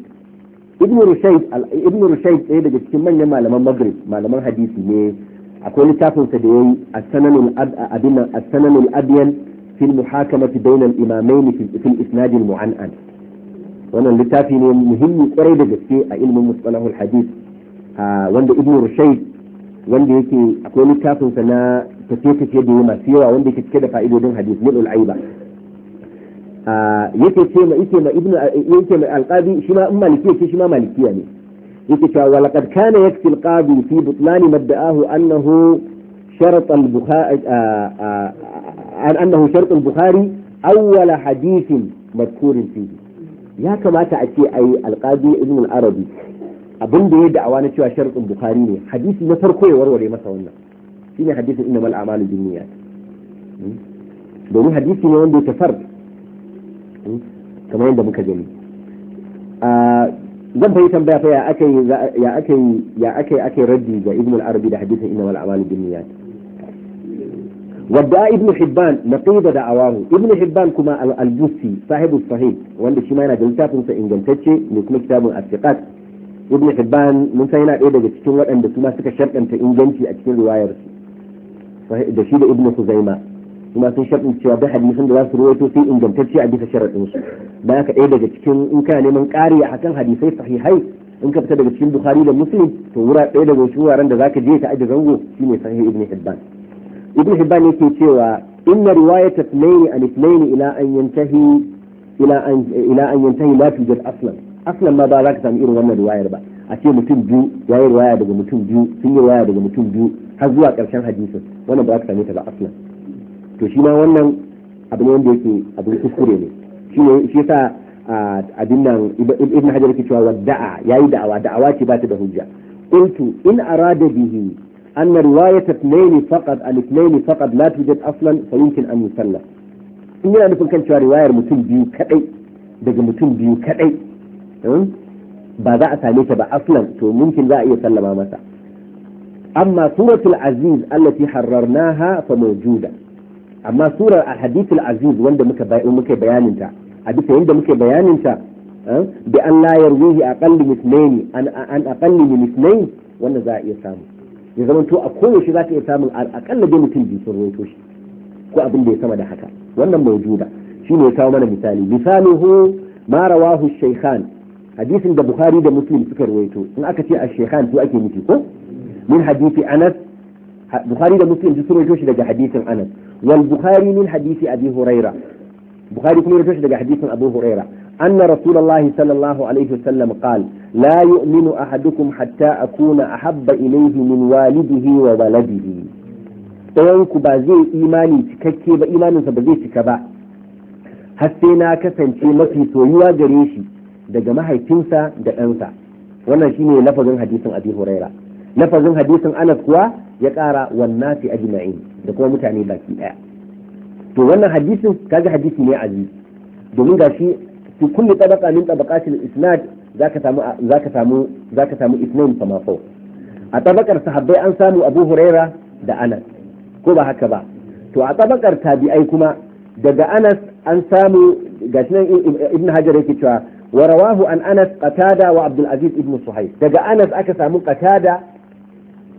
S1: ibn rushayd ibn rushayd ɗaya daga cikin manyan malaman maghrib malaman hadisi ne akwai littafin sa da yayi as-sananul abin as-sananul abyan fi al-muhakamati bayna al-imamayn fi al-isnad al-mu'annan wannan littafi ne muhimmi kwarai da gaske a ilmin mustalahul hadis wanda ibnu rushayd wanda yake akwai littafin sa na tafiye-tafiye da yawa masu yawa wanda yake cike da fa'idodin hadis min al-aiba yake ce ma yake ma ibnu yake ma al shi ma maliki yake shi ma malikiya ne yake cewa wa laqad kana yakfi al-qadi fi butlan madda'ahu annahu شرط البخاري أنه شرط البخاري أول حديث مذكور فيه ya kamata a ce ai alqadi ibn arabi abin da ya da'awa na cewa sharuɗin bukhari ne hadisi na farko ya warware masa wannan shine hadisin innamal a'malu binniyat hmm? domin hadisi ne wanda ya tafar hmm? kamar yadda muka gani zan fahimtar tambaya fa ya aka yi ya aka yi ya aka yi raddi ga ibn al-arabi da hadisin innamal a'malu binniyat wadda ibn hibban na da da'awahu ibn hibban kuma al-albusi sahibu sahih wanda shi ma yana da littafinsa ingantacce ne kuma kitabun asiqat ibn hibban mun san yana ɗaya daga cikin waɗanda su ma suka sharɗanta inganci a cikin riwayar su da shi da ibn huzaima su sun sharɗin cewa da hadisin da za su rawaito sai ingantacce a bisa sharaɗin su da haka ɗaya daga cikin in kana neman ƙari a hakan hadisai sahihai in ka fita daga cikin bukhari da muslim to wura ɗaya daga cikin wuraren da zaka je ta aji zango shine sahih ibn hibban ibn hibban yake cewa inna riwayata ithnayn an ithnayn ila an yantahi ila an ila an yantahi la tujad aslan aslan ma ba za ka samu irin wannan riwayar ba a ce mutum biyu yayi riwaya daga mutum biyu sun yi riwaya daga mutum biyu har zuwa karshen hadisin wannan ba za ka same ta ba aslan to shi ma wannan abu ne wanda yake abin kuskure ne shi ne shi yasa abin nan ibn hajar yake cewa wadda'a yayi da'awa da'awa ce ba ta da hujja qultu in arada bihi أن رواية اثنين فقط عن اثنين فقط لا توجد أصلا فيمكن أن يسلم إن يعني نفهم كان رواية متن بيو كأي دقى متن بيو كأي بعد أتانيك بأصلا تو ممكن لا يسلم مثلا أما سورة العزيز التي حررناها فموجودة أما سورة الحديث العزيز وند مك بيان انت حديث وند مك بيان انت بأن لا يرويه أقل من اثنين أن أقل من اثنين وأن ذا يسامو ya zama to a koyaushe za ka iya samun akalla dai mutum biyu sun rawaito shi ko abin da ya sama da haka wannan mai juda shi ne ya kawo mana misali misaluhu ma rawahu shaykhan hadisin da bukhari da muslim suka rawaito in aka ce a shaykhan to ake nufi ko min hadisi anas bukhari da muslim duk sun rawaito shi daga hadisin anas wal bukhari min hadisi abi huraira bukhari kuma ya rawaito shi daga hadisin abu huraira أن رسول الله صلى الله عليه وسلم قال لا يؤمن أحدكم حتى أكون أحب إليه من والده وولده ɗayanku ba zai imani cikakke ba imaninsa ba zai cika ba har sai na kasance mafi soyuwa gare shi daga mahaifinsa da ɗansa wannan shine lafazin hadisin abi huraira lafazin hadisin anas kuwa ya ƙara fi ajma'in da kuma mutane baki ɗaya to wannan hadisin kaga hadisi ne aziz domin gashi to kullu tabaqa min tabaqatil isnad zaka samu zaka samu zaka samu isnan fa a tabakar sahabbai an samu Abu Huraira da Anas ko ba haka ba to a tabakar tabi'ai kuma daga Anas an samu gashi nan Ibn Hajar yake cewa wa rawahu an Anas Qatada wa Abdul Aziz ibn Suhaib daga Anas aka samu Qatada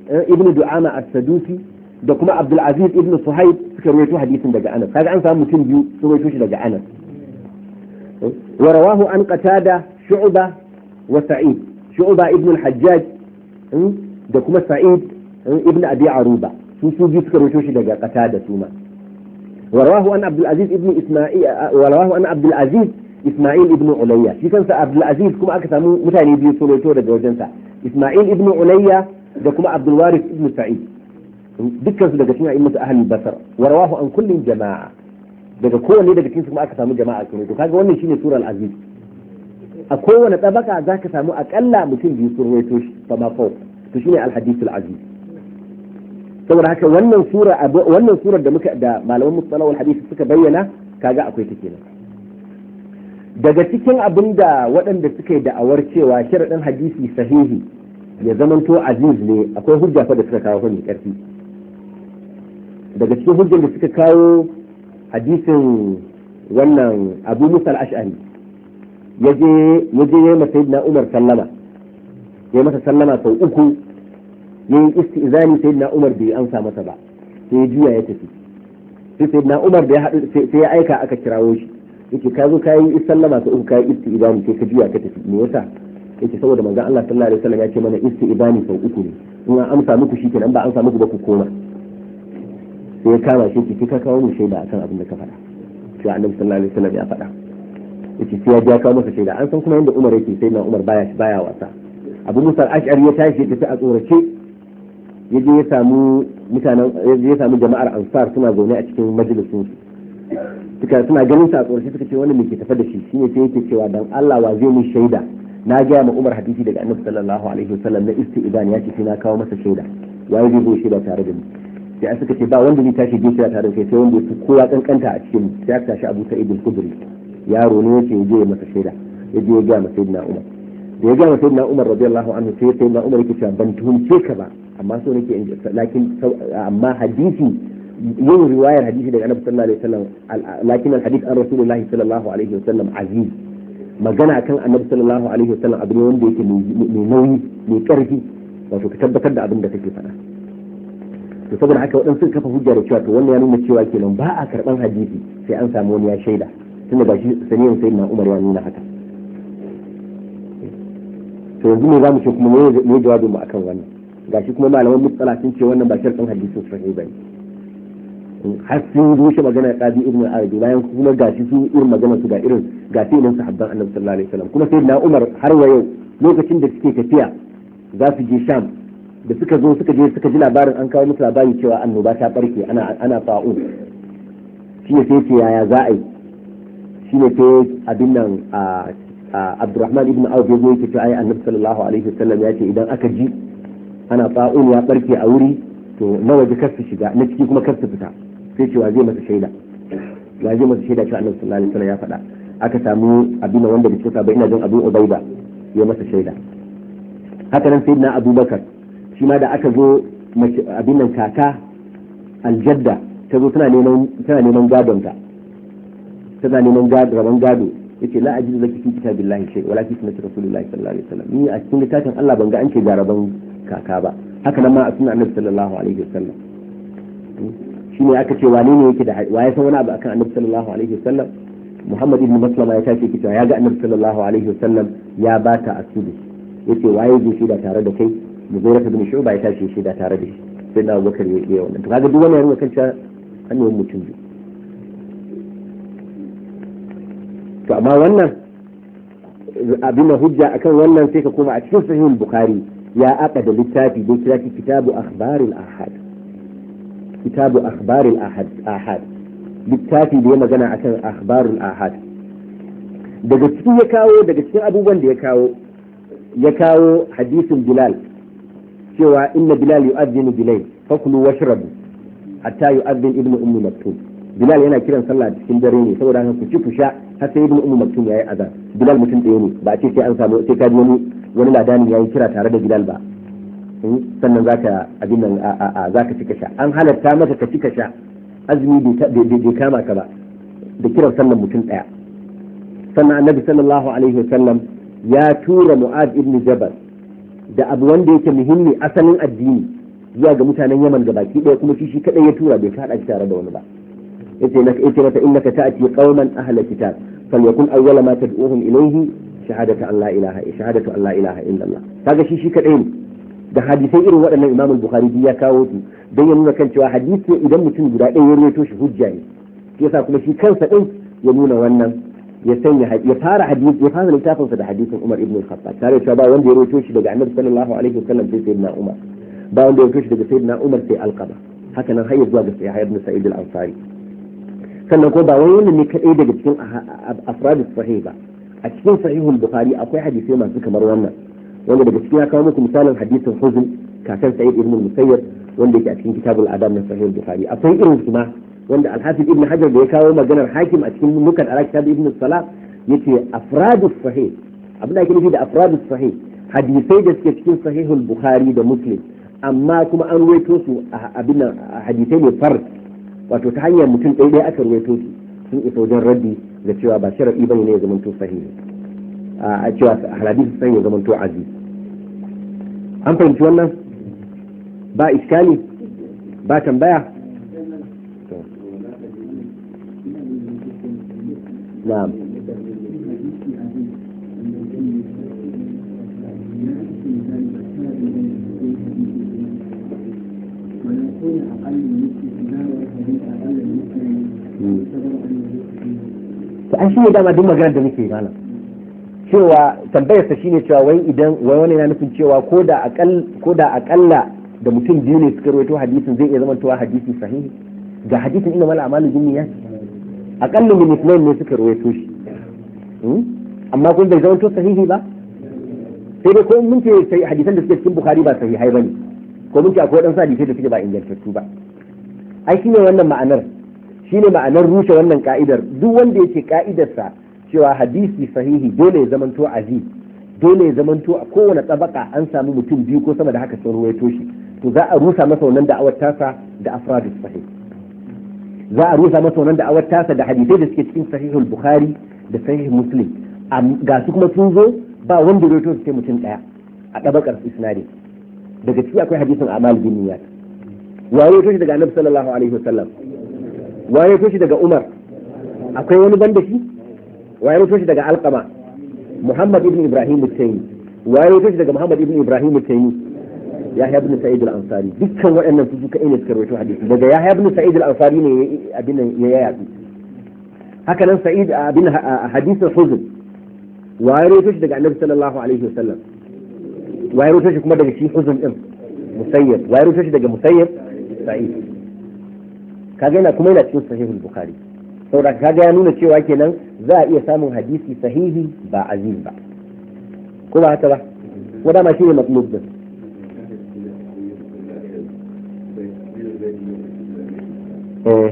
S1: eh, ibn Du'ama as-Sadusi da kuma Abdul Aziz ibn Suhaib suka rawaito hadisin daga Anas kaga an samu mutum biyu su rawaito shi daga Anas ورواه عن قتادة شعبة وسعيد شعبة ابن الحجاج دكما سعيد ابن أبي عروبة سوسو جيسك روشوش دقا قتادة سوما ورواه عن عبد العزيز ابن إسماعيل ورواه عن عبد العزيز إسماعيل ابن عليا في كان عبد العزيز كما أكثر متاني بيو سولوتو دقا وجنسا إسماعيل ابن عليا دكما عبد الوارث ابن سعيد دكا سدقا شنا إمة أهل البصر ورواه عن كل جماعة daga kowanne daga cikin su kuma aka samu jama'a sune to kaga wannan shine sura aziz a kowane tabaka za ka samu akalla mutum biyu sun rawaito shi ba ma fa to shine alhadithul aziz saboda haka wannan sura wannan sura da muka da malaman mustalah wal hadith suka bayyana kaga akwai ta nan daga cikin abin da waɗanda suka yi da'awar cewa sharaɗin hadisi sahihi ya zamanto aziz ne akwai hujja fa da suka kawo fa mai ƙarfi daga cikin hujjar da suka kawo hadisin wannan abu musa al ya je ya masa sayyidina umar sallama ya masa sallama sau uku ya yi istizani sayyidina umar bai amsa masa ba sai ya juya ya tafi sai sayyidina umar da ya haɗu sai ya aika aka kirawo shi yake ka zo kayi sallama sau uku kayi istizani sai ka juya ka tafi me yasa yake saboda manzon Allah sallallahu alaihi wasallam ya ce mana istizani sau uku ne in an amsa muku shikenan ba an amsa muku ba ku koma sai ya kama shi ki ka kawo mu shaida akan abin da ka faɗa sai annabi sallallahu alaihi wasallam ya faɗa yace sai ya ji kawo masa shaida an san kuma yanda Umar yake sai na Umar baya baya wasa Abu Musa al-Ash'ari ya tashi ya tafi a tsorace ya je ya samu mutanen ya samu jama'ar Ansar suna zaune a cikin majalisin su suka suna ganin sa a tsorace suka ce wani me ke tafa da shi shine sai yake cewa dan Allah wa zai mu shaida na gaya ma Umar hadisi daga Annabi sallallahu alaihi wasallam na isti'zan ya ce sai na kawo masa shaida ya yi zai shaida tare da ni sai a suka ce ba wanda zai tashi bai tare da sai wanda yake kowa kankanta a cikin sai aka tashi Abu Sa'id al-Khudri yaro ne yake je ya masa shaida ya je ya ga masa Sayyidina Umar da ya ga masa Sayyidina Umar radiyallahu anhu sai Sayyidina Umar yake cewa ban tuhunce ka ba amma so nake in lakin amma hadisi yin riwayar hadisi daga Annabi sallallahu alaihi wasallam lakin al-hadith an Rasulullahi sallallahu alaihi wasallam aziz magana kan Annabi sallallahu alaihi wasallam abu ne wanda yake mai nauyi mai karfi wato ka tabbatar da abin da kake faɗa to saboda haka waɗansu kafa hujja da cewa to wannan ya nuna cewa kenan ba a karɓan hadisi sai an samu wani ya shaida tun da shi saniyan sai na umar ya nuna haka to yanzu me za mu ce kuma me jawabin mu akan wannan gashi kuma malaman mutsala sun ce wannan ba sharɗin hadisin sahihi ba ne har sun rushe magana qadi ibn arabi bayan kuma gashi su irin magana su ga irin ga filin sahabban annabi sallallahu alaihi wasallam kuma sai na umar har wa yau lokacin da suke tafiya za su je sham da suka zo suka je suka ji labarin an kawo musu labari cewa annoba ta barke ana ana fa'un shi ne sai ce yaya za a yi shi ne sai abin nan Abdurrahman ibn Auf ya zo yake cewa ai Annabi sallallahu alaihi wasallam ya ce idan aka ji ana fa'un ya barke a wuri to na waje kar su shiga na ciki kuma kar su fita sai cewa zai masa shaida ya zai masa shaida cewa Annabi sallallahu alaihi wasallam ya faɗa aka samu abin wanda bai cika ba ina jin Abu Ubaida ya masa shaida haka nan sayyidina Abubakar shi ma da aka zo abin nan kaka aljadda ta zo tana neman gadon ta tana neman rabon gado yace la ajidu zaki fi kitabillahi shay wala fi sunnati rasulillahi sallallahu alaihi wasallam ni a cikin littafin Allah ban ga an ce ga rabon kaka ba haka nan ma a sunan annabi sallallahu alaihi wasallam shine aka ce wane ne yake da waye san wani abu akan annabi sallallahu alaihi wasallam Muhammad ibn Maslama ya tashi kita ya ga annabi sallallahu alaihi wasallam ya bata asudu yace waye ji shi da tare da kai zai rasa bin shuba ya tashi shi da tare da shi sai da abubakar ya yi wannan to kaga duk wannan yana kan cewa hannuwan mutum biyu to amma wannan abin da hujja akan wannan sai ka koma a cikin sahihin bukhari ya aka da littafi da kira kitabu akhbaril ahad kitabu akhbaril ahad ahad littafi da ya magana akan akhbarul ahad daga cikin ya kawo daga cikin abubuwan da ya kawo ya kawo hadisin bilal cewa inna bilal yu'adhdhinu bilay fakulu washrabu hatta yu'adhdhin ibnu ummi maktum bilal yana kiran sallah cikin dare ne saboda haka ku ci ku sha har sai ibnu ummi maktum yayi azan bilal mutum ɗaya ne ba a ce sai an samu sai ka ji wani wani ladani yayi kira tare da bilal ba hmm? sannan zaka abin nan zaka cika sha an halatta maka ka cika sha azumi bai kama ka ba da kiran sallan mutum ɗaya sannan annabi sallallahu alaihi wasallam ya tura mu'ad ibn jabal da abu wanda yake muhimmi asalin addini zuwa ga mutanen yaman baki ɗaya kuma shi shi kaɗai ya tura bai kaɗa shi tare da wani ba yace na yace mata ka ta'ati qauman ahla kitab falyakun awwala ma tad'uhum ilayhi shahadatu an la ilaha shahadatu an la ilaha Allah." kaga shi shi kadai ne da hadisai irin waɗannan Imam al-Bukhari ya kawo su dan ya nuna kan cewa hadisi idan mutum guda ɗaya ya rawaito shi hujja ne yasa kuma shi kansa din ya nuna wannan ya sanya ya fara hadisi ya fara littafin sa da hadisin Umar ibn al-Khattab tare da ba wanda ya rawaito shi daga Annabi sallallahu alaihi wasallam sai sayyidina Umar ba wanda ya rawaito shi daga sayyidina Umar sai Al-Qaba haka nan har zuwa ga na ibn Sa'id al-Ansari sannan ko ba wani ne kadai daga cikin afradu sahih ba a cikin sahihul bukhari akwai hadisai masu kamar wannan wanda daga cikin ya kawo muku misalin hadisin huzn kakan sa'id ibn musayyib wanda yake a cikin kitabul adab na sahihul bukhari akwai irin su ma wanda Alhafi ibn hajar da ya kawo maganar hakim a cikin nukan ala kitab ibn salah yace Afradus sahih abin da ake nufi da Afradus sahih hadisai da suke cikin sahihul bukhari da muslim amma kuma an ruwaito su a abin nan hadisai ne far wato ta hanyar mutum ɗaya ɗaya aka ruwaito su sun isa wajen raddi da cewa ba sharadi bane ne ya zamanto sahihi a cewa hadisi sai ya zamanto aziz an fahimci wannan ba iskali ba tambaya نعم an shi ne dama duk magana da muke gana cewa tambayar sa shine cewa wai idan wai wani na nufin cewa ko da akal ko da akalla da mutum biyu ne suka rawaito hadisin zai iya zama tuwa hadisi sahihi ga hadisin inna mal amalu jinniyat aƙalla min ismail ne suka rawaito shi hmm? amma kun bai zama sahihi ba sai dai ko mun ce hadisan da suke cikin bukhari ba sahihai bane ko mun ce akwai wadansu hadisai da suke ba ingantattu ba ai shine wannan ma'anar shine ma'anar rushe wannan ka'idar duk wanda yake ka'idarsa cewa hadisi sahihi dole ya zamanto aziz dole ya zamanto a kowane tsabaka an samu mutum biyu ko sama da haka sun ruwaito shi to za a rusa masa wannan da'awar tasa da afradus sahih za a rusa masa wannan da'awar tasa da hadisai da suke cikin al bukhari da sahih muslim ga su kuma sun zo ba wanda rawaito su sai mutum daya a dabakar isnadi daga ciki akwai hadisin amal bin niyat wa rawaito shi daga annabi sallallahu alaihi wasallam wa rawaito shi daga umar akwai wani banda shi wa rawaito shi daga alqama muhammad ibn ibrahim al-taymi wa rawaito shi daga muhammad ibn ibrahim al-taymi yahya ibn sa'id al-ansari dukkan waɗannan su suka ne suka rawaito hadisi daga yahya ibn sa'id al-ansari ne abin nan ya yaɗu haka nan sa'id abin hadisin huzn wa ya rawaito shi daga annabi sallallahu alaihi wasallam wa ya rawaito shi kuma daga shi huzn din musayyib wa ya rawaito shi daga musayyib sa'id kaga yana kuma yana cikin sahihul bukhari saboda kaga ya nuna cewa kenan za a iya samun hadisi sahihi ba aziz ba ko ba haka ba ko dama shine matlub din Eh.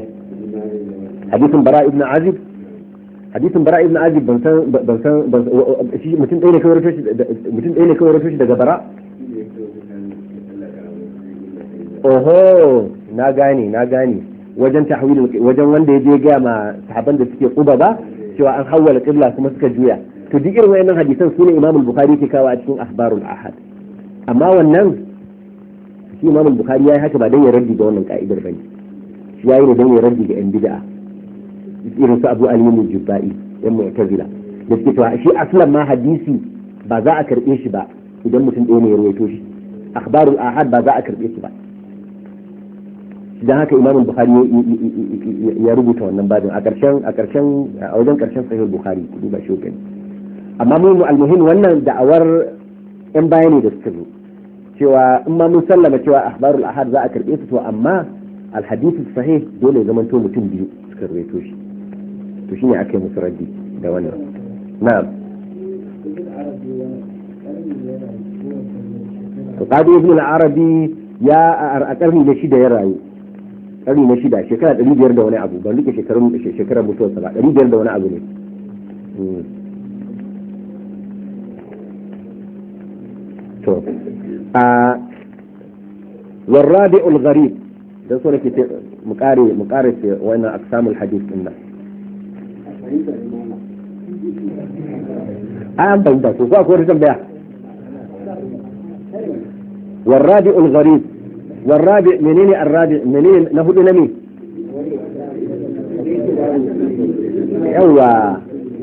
S1: hadisin bara ibn azib hadisin bara ibn azib ban san ban san mutum ɗaya ne kawai rufe shi mutum ɗaya ne kawai rufe shi daga bara oho na gane na gane wajen tahwil wajen wanda ya je ga ma sahaban da suke kuba ba cewa an hawwala qibla kuma suka juya to duk irin wayannan hadisan su ne imamul bukhari ke kawo a cikin akhbarul ahad amma wannan shi imamul bukhari yayi haka ba dan ya raddi ga wannan ka'idar bane ya yi don ya rabbi ga 'yan bid'a irin su abu aliyu jubba'i yan mu'tazila da suke cewa shi aslan ma hadisi ba za a karbe shi ba idan mutum ɗaya ne ya rawaito shi akhbarul ahad ba za a karbe shi ba dan haka imam bukhari ya rubuta wannan babin a karshen a karshen a wajen karshen sahih bukhari kudu ba shi gani amma mu almuhim wannan da'awar yan bayani da suka zo cewa in ma mun sallama cewa akhbarul ahad za a karbe su to amma alhadithu sahih dole zaman to mutum biyu suka rawaito shi to shine aka yi musu raddi da wannan na'am to qadi ibn al-arabi ya a karni na shida ya rayu karni na shida shekara 500 da wani abu ban rike shekarun shekarar mutuwarsa ba 500 da wani abu ne to a والرابع الغريب sai so nake mu kare mu kare ce wani aksamu hadis din nan ah, an والرابع الغريب والرابع منين الرابع منين نهود نمي يوا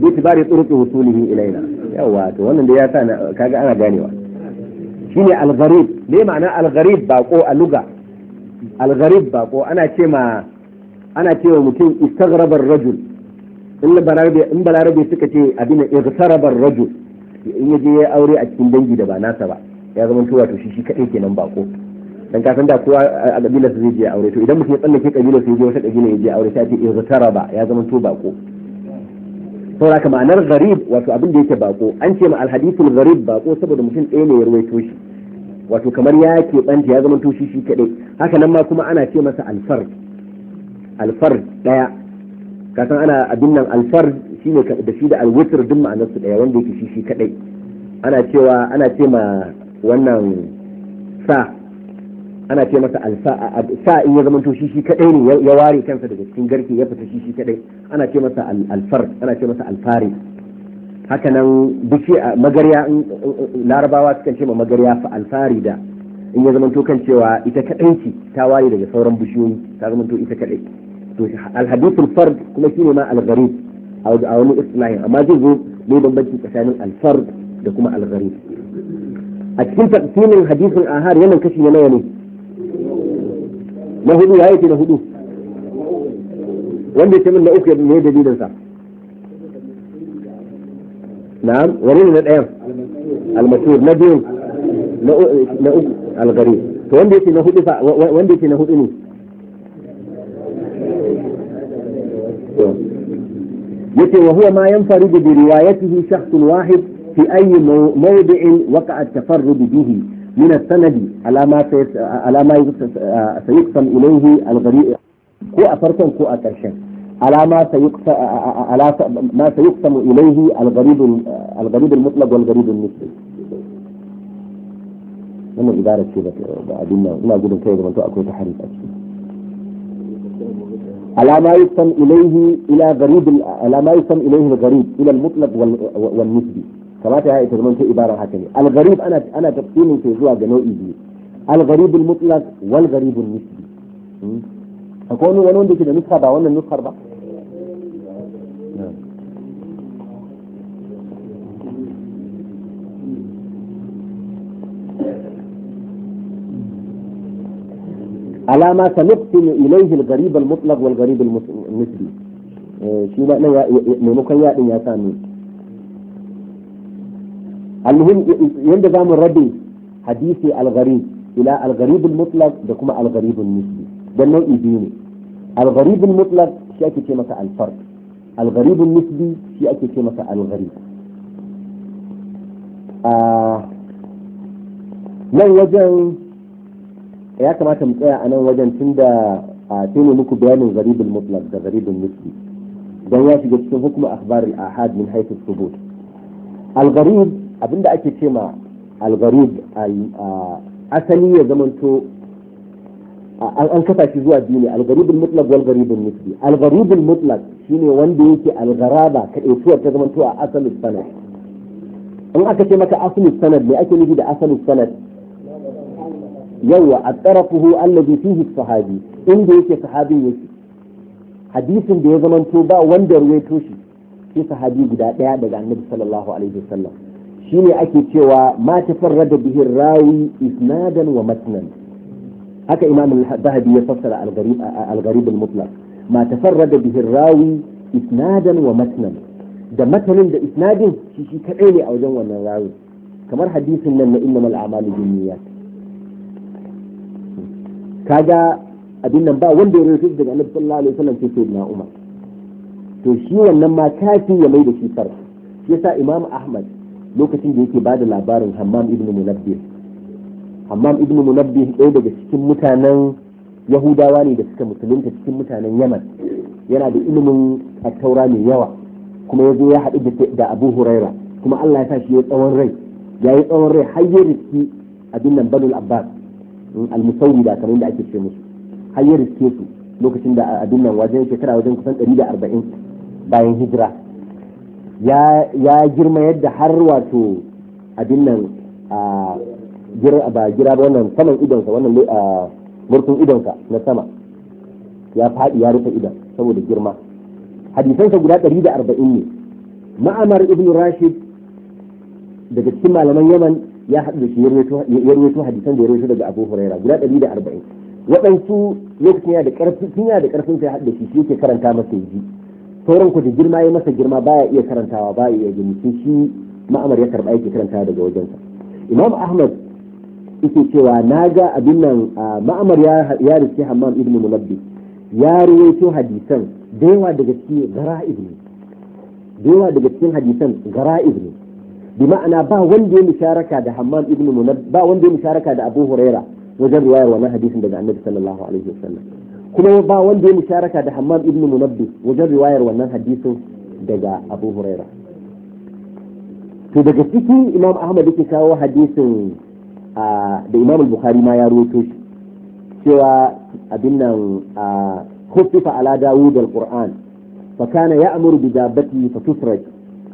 S1: بيتباري طرق وصوله إلينا يوا توانا دي ياسا كاقا أنا جانيوا شيني الغريب ليه معنى الغريب باقو اللغة algarib ba ko ana ce ma ana ce wa mutum istagrabar rajul in balarabe in balarabe suka ce abin istagrabar rajul in yaje ya aure a cikin dangi da ba nasa ba ya zama to wato shi shi kadai kenan ba ko dan ka san da kowa a kabilar su zai je aure to idan mutum ya tsallake kabilar su ya je wata kabila ya je aure sai a ce istaghrabar ya zama to ba ko saboda ma'anar garib wato abin da yake bako an ce ma alhadithul garib bako saboda mutum ɗaya ne ya ruwaito shi wato kamar ya keɓanta ya zama toshi shi kaɗai haka nan ma kuma ana ce masa alfar alfar ɗaya kasan ana abin nan alfar shi ne da shi da alwutar duk ma'anarsu ɗaya wanda yake shi shi kaɗai ana cewa ana ce ma wannan sa ana ce masa alfa sa in ya zama toshi shi kaɗai ne ya ware kansa daga cikin garke ya fita shi shi kaɗai ana ce masa alfar ana ce masa alfari haka nan bishiya magarya larabawa sukan ce ma magarya fa alfari da in ya zamanto kan cewa ita kaɗai ce ta waye daga sauran bishiyoyi ta zamanto ita kaɗai to alhadithul fard kuma shine ma algharib a wani islahin amma zai zo ne bambanci tsakanin alfard da kuma algharib a cikin tafsirin hadisin ahar yanan kashi na nawa ne na hudu ya yake na hudu wanda ya ce min na uku ne dalilinsa نعم ورين الايام
S2: المشهور مدين
S1: لأ الغريب وين بيتي نهود دفع وين بيتي نهود اني يتي وهو ما ينفرد بروايته شخص واحد في اي موضع وقع التفرد به من السند على ما على ما سيقسم اليه الغريب كو افرتم كو اكرشن على ما سيقسم, على ما سيقسم إليه الغريب, الغريب المطلق والغريب النسبي من الإدارة كذا بعدين ما أقول لك كذا من تأكل تحريف أكيد على ما يقسم إليه إلى غريب على ما يقسم إليه الغريب إلى المطلق وال والنسبي فما تهاي تضمن في إدارة هكذا الغريب أنا أنا تقسيم في جوا جنوي دي الغريب المطلق والغريب النسبي أمم؟ أكون وانو دي كده نسخة بعوان النسخة بعوان على ما سنقسم إليه الغريب المطلق والغريب النسبي shi ma ɗan maimakon yaɗin ya sami almuhim yadda za mu rabe hadisi algharib ila algharibul mutlaq da kuma algharibul nisbi don nau'i biyu ne algharibul mutlaq shi ake ce masa alfar algharibul nisbi shi ake ce masa nan wajen ya kamata mu tsaya a nan wajen tun da sai ne muku bayanin garibul mutlak da garibul misli don ya shiga cikin hukuma akhbar al-ahad min haythu thubut al-gharib abinda ake ce ma al-gharib asali ya zamanto an kasa shi zuwa biyu ne al-gharibul mutlaq wal gharibul misli al-gharibul mutlaq shine wanda yake al-gharaba kadaituwar ta zamanto a asalin sanad in aka ce maka asalin sanad me ake nufi da asalin sanad yawa a tsarafuhu allazi fihi sahabi inda yake sahabin yake hadisin da ya zamanto ba wanda ruwaito shi sai sahabi guda daya daga annabi sallallahu alaihi wasallam shine ake cewa ma tafarrada bihi rawi isnadan wa matnan haka imam al-dhahabi ya fassara al-gharib al-mutlaq ma tafarrada bihi rawi isnadan wa matnan da matanin da isnadin shi shi kadai ne a wajen wannan rawi kamar hadisin nan na innamal a'malu binniyat kaga abin nan ba wanda ya rufe daga annabi sallallahu alaihi wasallam sai sayyidina umar to shi wannan ma kafi ya mai da shi far yasa imam ahmad lokacin da yake bada labarin hammam ibnu munabbih hammam ibnu munabbih ɗaya daga cikin mutanen yahudawa ne da suka musulunta cikin mutanen yaman yana da ilimin attaura mai yawa kuma ya ya haɗu da abu huraira kuma allah ya sa shi ya tsawon rai ya yi tsawon rai har ya riski abin nan banul abbas al-musawwida kamar yadda ake ce musu har ya riske su lokacin da abin nan wajen shekara wajen kusan 140 bayan hijira ya girma yadda har wato abin nan ba gira ba wannan saman idonsa wannan murfin idonsa na sama ya faɗi ya rufe idon saboda girma hadisansa guda 140 ne ma'amar ibn rashid daga cikin malaman yaman ya haɗu da shi ya rawaito hadisan da ya rawaito daga Abu Huraira guda 140 waɗansu lokacin yana da ƙarfi tun yana da ƙarfin sai haɗu da shi shi yake karanta masa yaji sauran ku da girma ya masa girma baya iya karantawa baya iya gani sai shi ma'amar ya karɓa yake karantawa daga wajensa Imam Ahmad yake cewa na ga abin nan ma'amar ya rike Hammam ibn Mulabbi ya rawaito hadisan da yawa daga cikin gara ibnu. da yawa daga cikin hadisan gara ne bi ma'ana ba wanda ya musharaka da Hammam ibn Munab ba wanda ya musharaka da Abu Huraira wajen riwayar wannan hadisin daga Annabi sallallahu alaihi wasallam kuma ba wanda ya musharaka da Hammam ibn Munabbi wajen riwayar wannan hadisin daga Abu Huraira to daga ciki Imam Ahmad yake kawo hadisin da Imam Bukhari ma ya rawaito shi cewa abin nan khuffifa ala Dawud al-Qur'an fa kana ya'muru bi dabbati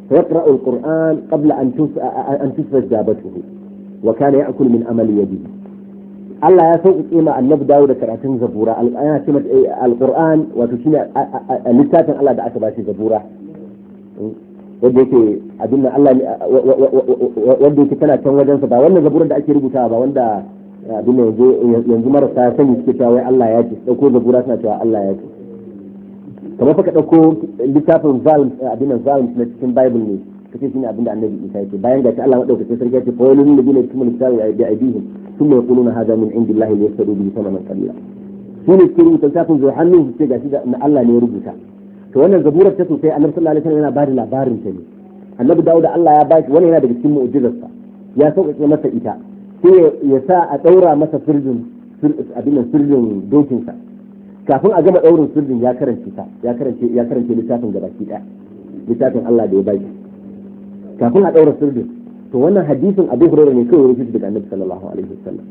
S1: فيقرأ القرآن قبل أن تفرج جابته وكان يأكل من أمل يده Allah ya sauƙaƙe ma annabu dawo da karatun zabura ana ce alquran wato shine littafin Allah da aka bashi zabura wanda yake tana can wajen ba wannan zaburar da ake rubutawa ba wanda abin yanzu yanzu marasa sani suke cewa wai Allah ya zabura suna cewa Allah ya kamar ka ɗauko littafin zalm eh, abin nan na cikin bible ne kace shine abinda annabi isa yake bayan ga Allah madaukakin sarki yake fa walil ladina tumul sari ya bi aidihim thumma yaquluna hadha min indillahi sama na thamanan qalila shine cikin littafin zai ce ga shi da Allah ne ya rubuta to wannan zaburar ta sosai annabi sallallahu alaihi wasallam yana bada labarin ta ne annabi Dawud Allah ya bashi wannan yana daga cikin mu'jizarsa ya sauƙaƙe masa ita sai ya sa a ɗaura masa firjin abin nan sirrin dokinsa kafin a gama daurin sirrin ya karance ta ya karance ya karance littafin gabaki daya littafin Allah da ya bai kafin a daura sirrin to wannan hadisin Abu Hurairah ne kawai rubuta daga Annabi sallallahu alaihi wasallam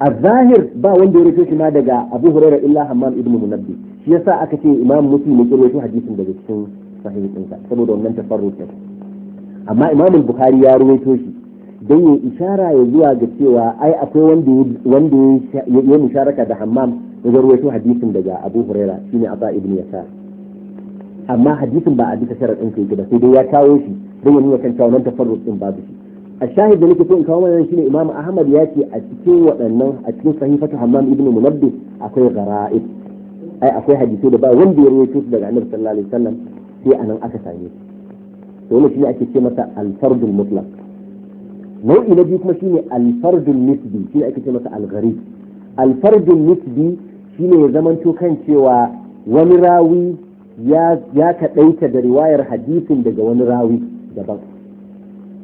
S1: a zahir ba wanda ya rubuta shi ma daga Abu Hurairah illa Hammam ibn Munabbi shi yasa aka ce Imam Muslim ya rubuta hadisin daga cikin sahihin sa saboda wannan tafarruq amma Imam Bukhari ya rubuta shi dan ya ishara ya zuwa ga cewa ai akwai wanda ya musharaka da hammam ya rawaito hadisin daga Abu Huraira shine Aba ibn Yasar amma hadisin ba a bisa sharadin kai ba sai dai ya kawo shi dan ya nuna kan nan tafarruq din babu shi a shahid da nake so in kawo mana shine Imam Ahmad ya ce a cikin waɗannan a cikin sahifatu Hammam ibn Munabbih akwai gara'ib ai akwai hadisi da ba wanda ya rawaito daga Annabi sallallahu alaihi wasallam sai anan aka same shi to wannan shine ake ce masa al-fardul mutlaq nau'i na biyu kuma shine al-fardul nisbi shine ake ce masa al-gharib al-fardul nisbi ne ya zamanto kan cewa wani rawi ya kaɗaita da riwayar hadisin daga wani rawi daban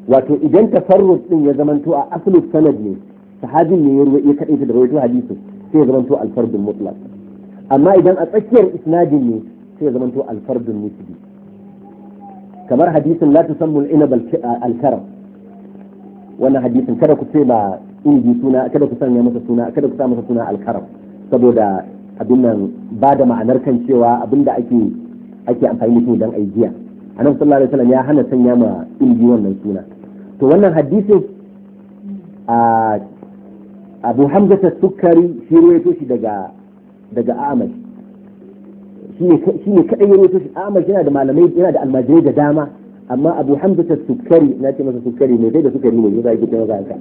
S1: wato idan tafarrud din ya zamanto a aslu sanad ne sahabin ne ya kaɗaita da rawaito hadisin sai ya zamanto alfardun mutlaq amma idan a tsakiyar isnadin ne sai ya zamanto alfardun nisbi kamar hadisin la tusammu al-inab al-karam wannan hadisin kada ku ce ba indi suna kada ku sanya masa suna kada ku sa masa suna al-karam saboda abin nan ba da ma'anar kan cewa abin da ake ake amfani da shi don aijiya annabi sallallahu alaihi wasallam ya hana sanya ma inji wannan suna to wannan hadisi, a Abu Hamza sukkari shi ruwaito shi daga daga Ahmad shi ne kadai ya ruwaito shi Ahmad yana da malamai yana da almajirai da dama amma Abu Hamza sukkari na ce masa Sukkari ne sai da Sukkari ne yasa yake cewa haka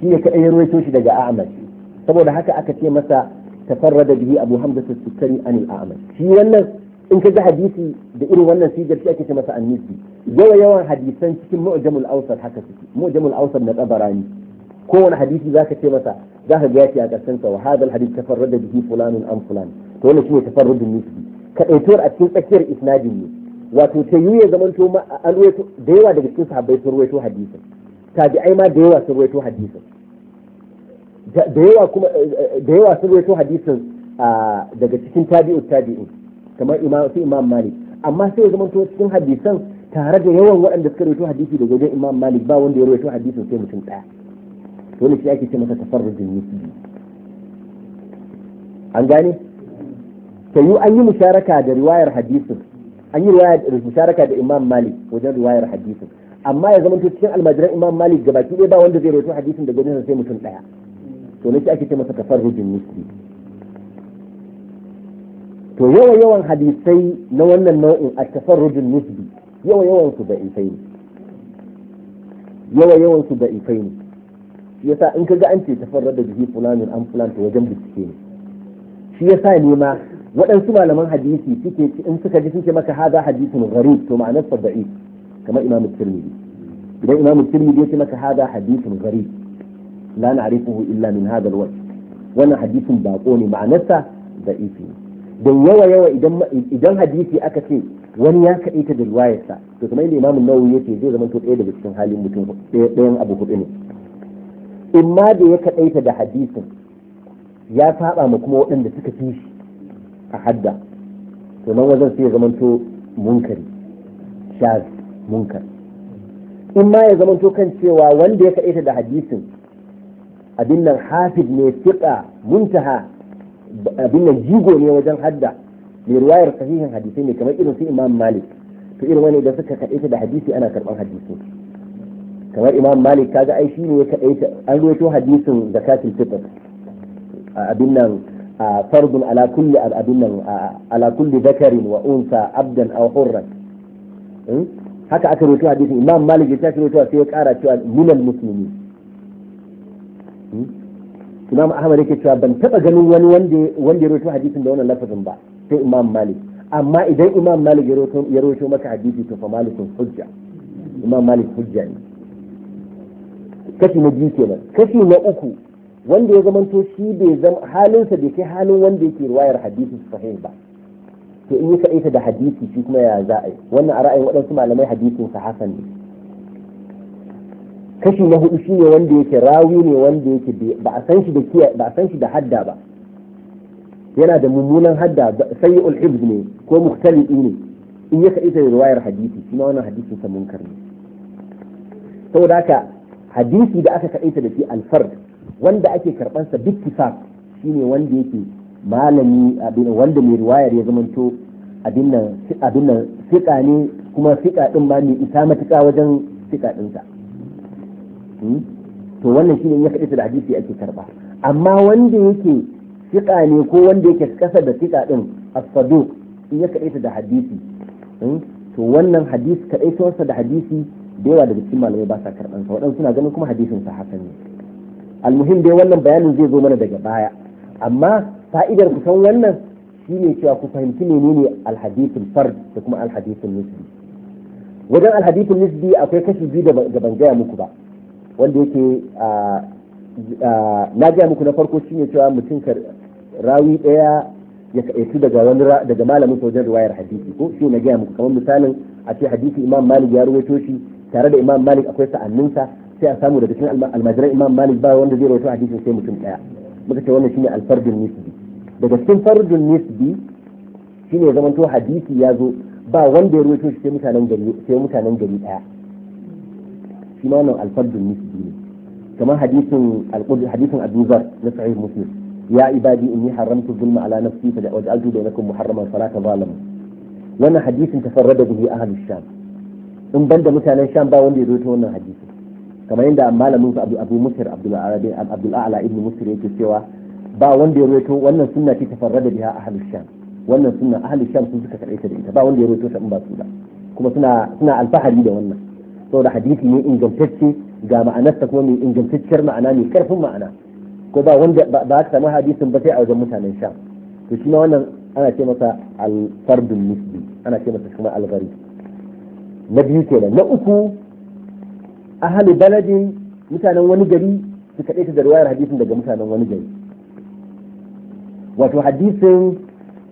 S1: shi ne kadai ya ruwaito shi daga Ahmad saboda haka aka ce masa da bihi abu hamza su sukkari an al shi wannan in ka ji hadisi da irin wannan sigar shi ake ce masa annisi yawa yawan hadisan cikin mu'jamul Ausar haka suke mu'jamul Ausar na tabarani kowane hadisi ka ce masa zaka ga yaci a karshen sa wa hadal hadith da bihi fulanun an fulan to wannan tafarra da nisbi kadaitowar a cikin tsakiyar isnadin ne wato ta yi ya zamanto ma an da yawa daga cikin sahabbai sun ruwaito hadisin tabi'ai ma da yawa sun ruwaito hadisin da yawa kuma eh, eh, da yawa sun rawaito hadisin ah, daga cikin tabi'ut tabi'in kamar imam su imam malik amma sai ya zama to cikin hadisan tare da yawan waɗanda suka rawaito hadisi daga wajen imam malik ba wanda ya rawaito hadisin sai mutum ɗaya dole shi ake ce masa tafarrujin nisbi an gane ta yi an yi musharaka da riwayar hadisin an yi musharaka da imam malik wajen riwayar hadisin amma ya zama cikin almajiran imam malik gabaki ɗaya ba wanda zai rawaito hadisin daga wajen sai mutum ɗaya to nake ake ce masa tafarrujin miski to yawa yawan hadisai na wannan nau'in a tafarrujin nisbi yawa yawan su da ifai ne yawa yawan su da ifai ne yasa in kaga an ce tafarrar da bihi fulanin an fulanta wajen bincike ne shi yasa ne ma waɗansu malaman hadisi suke in suka ji suke maka haza hadisin gharib to ma'anar sa da'if kamar imamu tirmidhi idan imamu tirmidhi ya ce maka haza hadisin gharib la illa min hadha wannan hadisin bako ne ma'anarsa da ifi idan hadisi aka ce wani ya kaita da riwayarsa to kamar yadda zai zama to ɗaya daga cikin halin ne imma da ya kaita da hadisin ya saba ma kuma waɗanda suka fi shi a hadda to nan wajen sai ya zama to munkari shaz munkar ma kan cewa wanda ya da hadisin abin nan hafiz ne fiqa muntaha abin nan jigo ne wajen hadda mai riwayar sahihin hadisai ne kamar irin su imam malik to irin wani da suka kaɗaita da hadisi ana karɓar hadisi kamar imam malik kaga ai shi ne ya kaɗaita an ruwaito hadisin da zakatul fitr abin nan fardun ala kulli abin nan ala kulli dakarin wa unsa abdan aw hurran hmm? haka aka ruwaito hadisin imam malik ya tashi ruwaito sai ya ƙara cewa minal muslimin imam ahmad yake cewa ban taba ganin wani wanda ya rawaito hadisin da wannan lafazin ba sai imam malik amma idan imam malik ya rawaito maka hadisi to fa malikun hujja imam malik hujja ne kashi na biyu kenan kashi na uku wanda ya zamanto shi bai zama halinsa bai kai halin wanda yake riwayar hadisi sahih ba to in yi kaɗaita da hadisi shi kuma ya za a yi wannan a ra'ayin waɗansu malamai hadisin sa hasan ne kashi na hudu shine wanda yake rawi ne wanda yake ba a san shi da ba a san shi da hadda ba yana da mummunan hadda sai ulhibz ne ko mukhtali'i ne in ya kaita riwayar hadisi shi wannan hadisin sa munkar ne saboda haka hadisi da aka kaita da shi alfard wanda ake karban sa duk kitab shine wanda yake malami abin wanda mai riwayar ya zamanto abin nan abin nan fika ne kuma fika din ba mai isa matuƙa wajen fika din sa to wannan ne ya hadisi da hadisi ake karba amma wanda yake fiqa ne ko wanda yake kasa da fiqa din as-saduq in ya kadaita da hadisi hmm, to wannan hadisi kadaitowarsa da hadisi da yawa daga cikin malamai ba sa karban sa waɗansu suna ganin kuma hadisin sa hasan ne almuhim dai wannan bayanin zai zo mana daga baya amma fa'idar kusan wannan ne cewa ku fahimci menene alhadithul fard da kuma alhadisin nisbi wajen alhadisin nisbi akwai kashi biyu da ban gaya muku ba wanda yake na gaya muku na farko shine cewa mutum rawi daya ya kaitu daga wani daga malamin sojan riwayar hadisi ko shi na gaya muku kamar misalin a ce hadisi imam malik ya rawaito shi tare da imam malik akwai sa'anninsa sai a samu daga cikin almajiran imam malik ba wanda zai rawaito hadisin sai mutum daya muka ce wannan shine alfardun nisbi daga cikin fardun nisbi shine zamanto hadisi ya zo ba wanda ya rawaito shi sai mutanen gari sai mutanen gari daya shi ma nan alfardun nisbi ne kamar hadisin alqudri hadisin Abu Zar na sahih Muslim ya ibadi inni haramtu zulma ala nafsi fa waj'altu bainakum muharraman fala tazalamu wannan hadisin tafarrada bihi ahlus sham in banda mutanen sham ba wanda ya rawaito wannan hadisin kamar yadda malamin su Abu Abu Musir Abdul Arabi Abdul A'la ibn Musir yake cewa ba wanda ya rawaito wannan sunna ce tafarrada biha ahlus sham wannan sunna ahlus sham sun suka kaɗaita da ita ba wanda ya rawaito ta in ba su ba kuma suna suna alfahari da wannan saboda hadisi ne ingantacce ga ma'anarsa kuma mai ingantacciyar ma'ana mai karfin ma'ana ko ba wanda ba a samu hadisin ba sai a wajen mutanen sha to shi ma wannan ana ce masa alfardun misli ana ce masa kuma algari na biyu ke na uku ahalu baladin mutanen wani gari su kaɗai ta da ruwayar hadisin daga mutanen wani gari wato hadisin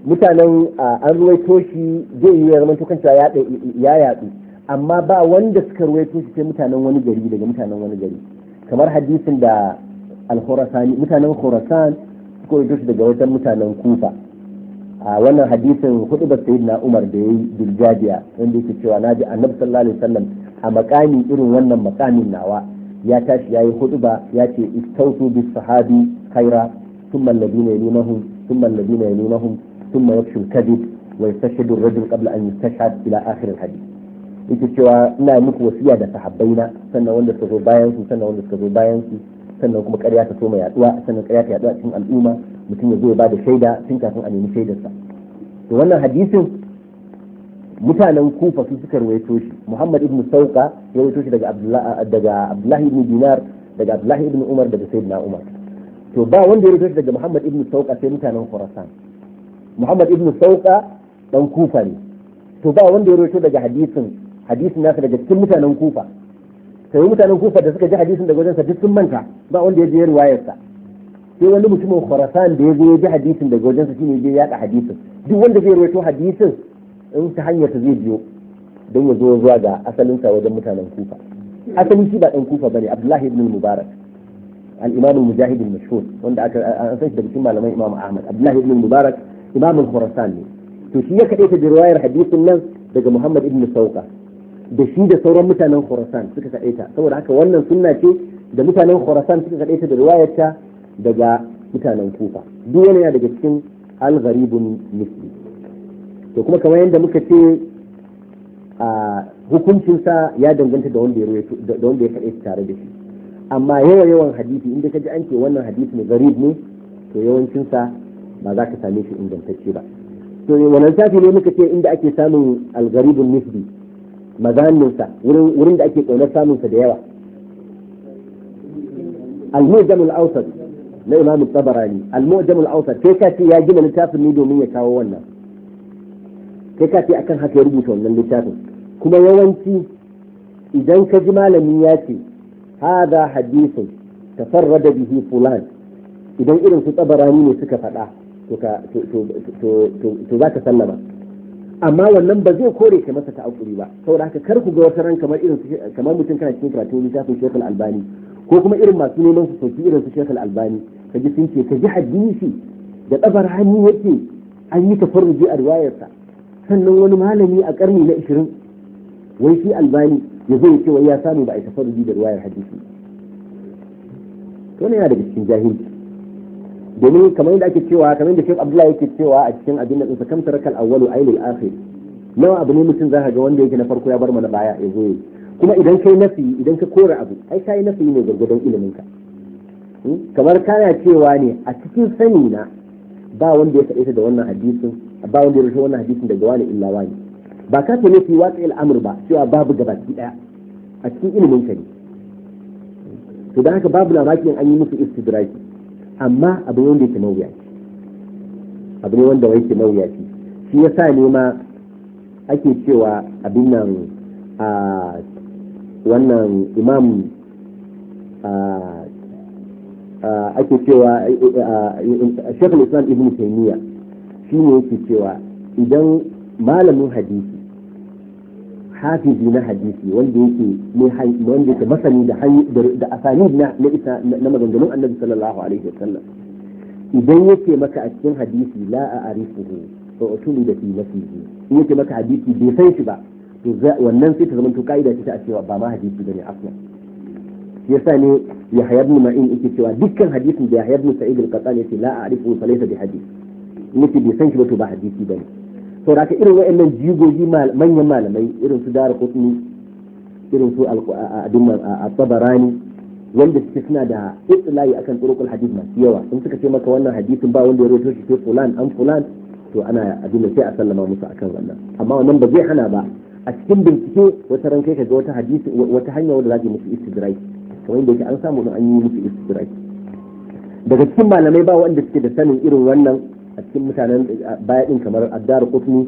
S1: mutanen an ruwaito shi zai yi ya zama tukan ya yaɗu amma ba wanda suka ruwaito shi sai mutanen wani gari daga mutanen wani gari kamar hadisin da al-khurasani mutanen khurasan suka ruwaito shi daga wajen mutanen kufa a wannan hadisin hudu da na umar da yayi biljadiya wanda yake cewa naji annabi sallallahu alaihi wasallam a makami irin wannan makamin nawa ya tashi yayi hudu ba ya ce istausu bis sahabi khaira thumma alladhina yalunahum thumma alladhina yalunahum thumma yakshu kadhib wa yastashhadu ar-rajul qabla an yastashhad ila akhir al-hadith yake cewa ina muku wasiya da sahabbaina sannan wanda suka zo bayan su sannan wanda suka zo bayan su sannan kuma ƙarya ta soma yaduwa sannan ƙarya ta yaduwa cikin al'umma mutum ya zo ya bada shaida tun kafin a nemi shaidarsa to wannan hadisin mutanen kufa su suka rawaito shi muhammad ibn sauka ya rawaito shi daga abdullahi ibn dinar daga abdullahi ibn umar daga sayyidina umar to ba wanda ya rawaito shi daga muhammad ibn sauka sai mutanen khurasan muhammad ibn sauka dan kufa ne to ba wanda ya rawaito daga hadisin hadisin nasa daga cikin mutanen kufa sai mutanen kufa da suka ji hadisin daga wajensa duk sun manta ba wanda ya je ruwayarsa sai wani mutumin khurasan da ya je ya ji hadisin daga wajensa shine ya yada hadisin duk wanda zai rawaito hadisin in ta hanyar zai biyo don ya zo zuwa ga asalin sa wajen mutanen kufa asalin shi ba dan kufa bane abdullahi ibn mubarak al-imam al-mujahid al-mashhur wanda aka an san shi daga cikin malaman imam ahmad abdullahi ibn mubarak imam khurasan ne to shi ya kade ta hadisin nan daga muhammad ibn sauka da shi da sauran mutanen Khurasan suka kaɗaita saboda haka wannan sunna ce da mutanen Khurasan suka kaɗaita da riwayarta daga mutanen Kufa duk wani yana daga cikin al-gharibun misli to kuma kamar yadda muka ce a sa ya danganta da wanda ya kaɗaita tare da shi amma yawan yawan hadisi inda ka ji an ce wannan hadisi ne garib ne to yawancinsa ba za ka same shi ingantacce ba to wannan safi ne muka ce inda ake samun al-gharibun misli mazaninsa wurin da ake ƙaunar samunsa da yawa al-mujam al-awsat na imam tabarani al-mujam al-awsat kai ka ce ya gina littafin ne domin ya kawo wannan kai ka ce akan haka ya rubuta wannan littafin kuma yawanci idan ka ji malamin ya ce hadha hadithun tafarrada bihi fulan idan irin su tabarani ne suka faɗa to to to to to za ka sallama amma wannan ba zai kore ka masa ta'aƙuri ba saboda haka kar ku ga wata ran kamar irin kamar mutum kana cikin karatu littafin Sheikh Al-Albani ko kuma irin masu neman su soki irin su Sheikh Al-Albani ka ji sun ce ka ji hadisi da dabar hannu yake an yi tafarruji a riwayarsa sannan wani malami a karni na 20 wai shi Albani ya zo ce wai ya samu ba a tafarruji da riwayar hadisi to ne yana daga cikin jahilci domin kamar yadda ake cewa kamar yadda Sheikh Abdullah yake cewa a cikin abin da tsinsa kam tarakal awwalu ainul akhir nawa abu ne mutum zaka ga wanda yake na farko ya bar mana baya ya zo kuma idan kai nafi idan ka kore abu ai kai nafi ne gargadon ilimin ka hmm? kamar kana cewa ne a cikin sani na ba wanda ya faɗe da wannan hadisin ba wanda ya rushe wannan hadisin daga wani illa wani ba ka ce nafi watsa al'amur ba cewa babu gabaki daya a cikin ilimin ka ne to da haka babu lamakin an yi musu istidraki amma abu ne wanda yake mawuyaci abu ne wanda yake mawuyaci shi ya sa ne ma ake cewa abin nan a wannan imam ake cewa shekul islam ibn taymiya shi ne yake cewa idan malamin hadisi hafizi na hadisi wanda yake yake masani da da na na maganganun annabi sallallahu alaihi wasallam idan yake maka a cikin hadisi la a arifuhu to usulu da fi nafsihi in yake maka hadisi bai shi ba to wannan sai ta zama kaida ce ta ba ma hadisi bane da Yahya ibn Sa'id al hadisi shi ba ba bane to da irin waɗannan jigogi manyan malamai irin su dara kusni irin su al-tabarani wanda suke suna da itsilayi akan turukul hadith masu yawa in suka ce maka wannan hadithin ba wanda ya rawaito shi sai fulan an fulan to ana abin sai a sallama musu akan wannan amma wannan ba zai hana ba a cikin bincike wata ran kai kaga wata hadisi wata hanya wanda zai musu istidrak kamar yadda yake an samu an yi musu istidrak daga cikin malamai ba wanda suke da sanin irin wannan a cikin mutanen baya din kamar addar qutni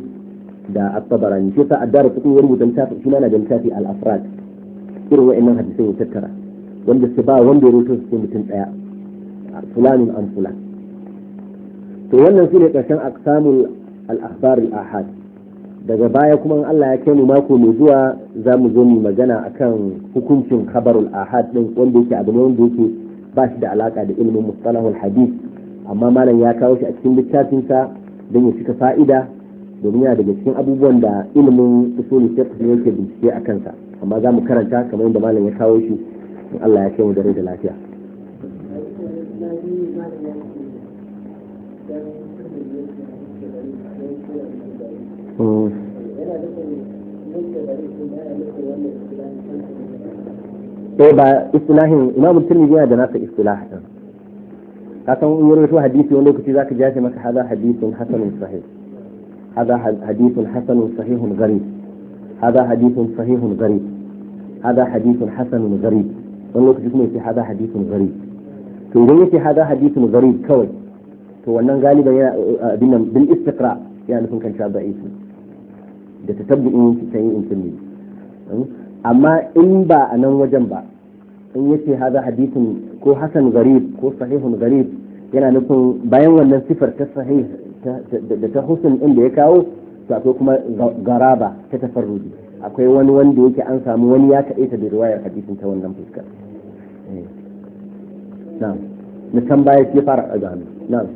S1: da at-tabarani shi sa addar qutni wani mutum ta shi na da tafi al-afrad irin wa'annan hadisan ya tattara wanda su ba wanda ya rubuta su mutum daya fulanin an fulan to wannan shine karshen aqsamul al-akhbar al-ahad daga baya kuma Allah ya kai mu mako mai zuwa za mu zo mu magana akan hukuncin khabarul ahad din wanda yake abu ne wanda yake ba shi da alaka da ilimin mustalahul hadith amma malam ya kawo shi a cikin littafinsa don ya cika fa'ida domin yana daga cikin abubuwan da ilimin usulun usulul ne yake bincike a kansa amma za mu karanta kamar yadda malam ya kawo shi in Allah ya kai mu dare da lafiya eh, ba istilahin imamu tirmidhi yana da nasa istilahin kasan in rawaito hadisi wani lokaci zaka ji maka hada hadisin hasanun sahih hada hadisin hasanun sahihun gharib hada hadisin sahihun gharib hada hadisin hasanun gharib wani lokaci kuma yace hada hadisin gharib to idan yace hada hadisin gharib kawai to wannan galiban yana abin bil istiqra ya nufin kan cewa da'ifi da tatabbu'in shi sai in tilmi amma in ba a nan wajen ba in yace hada hadisin ko hasan garib ko sahihun garib yana nufin bayan wannan sifar ta sahih da ta husn din da ya kawo to akwai kuma garaba ta tafarruji akwai wani wanda yake an samu wani ya kaɗe ta da riwayar hadisin ta wannan fuskar eh. na'am musan baya ke fara a gano na'am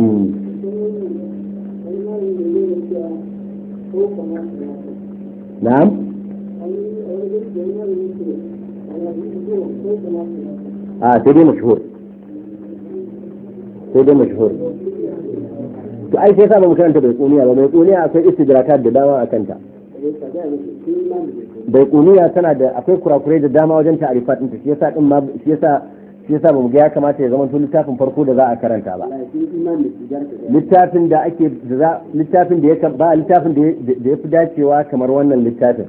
S2: Mm. Aa
S1: a ah, sai dai mashhur sai dai mashhur to ai sai sa ba karanta bai kuniya ba bai kuniya akwai istidrakat da dama a kanta bai kuniya tana da akwai kurakurai da dama wajen ta'arifat ɗinta shi yasa din shi yasa ba ya kamata ya zama tun littafin farko da za a karanta ba littafin da ake littafin da ya ba littafin da ya fi dacewa kamar wannan littafin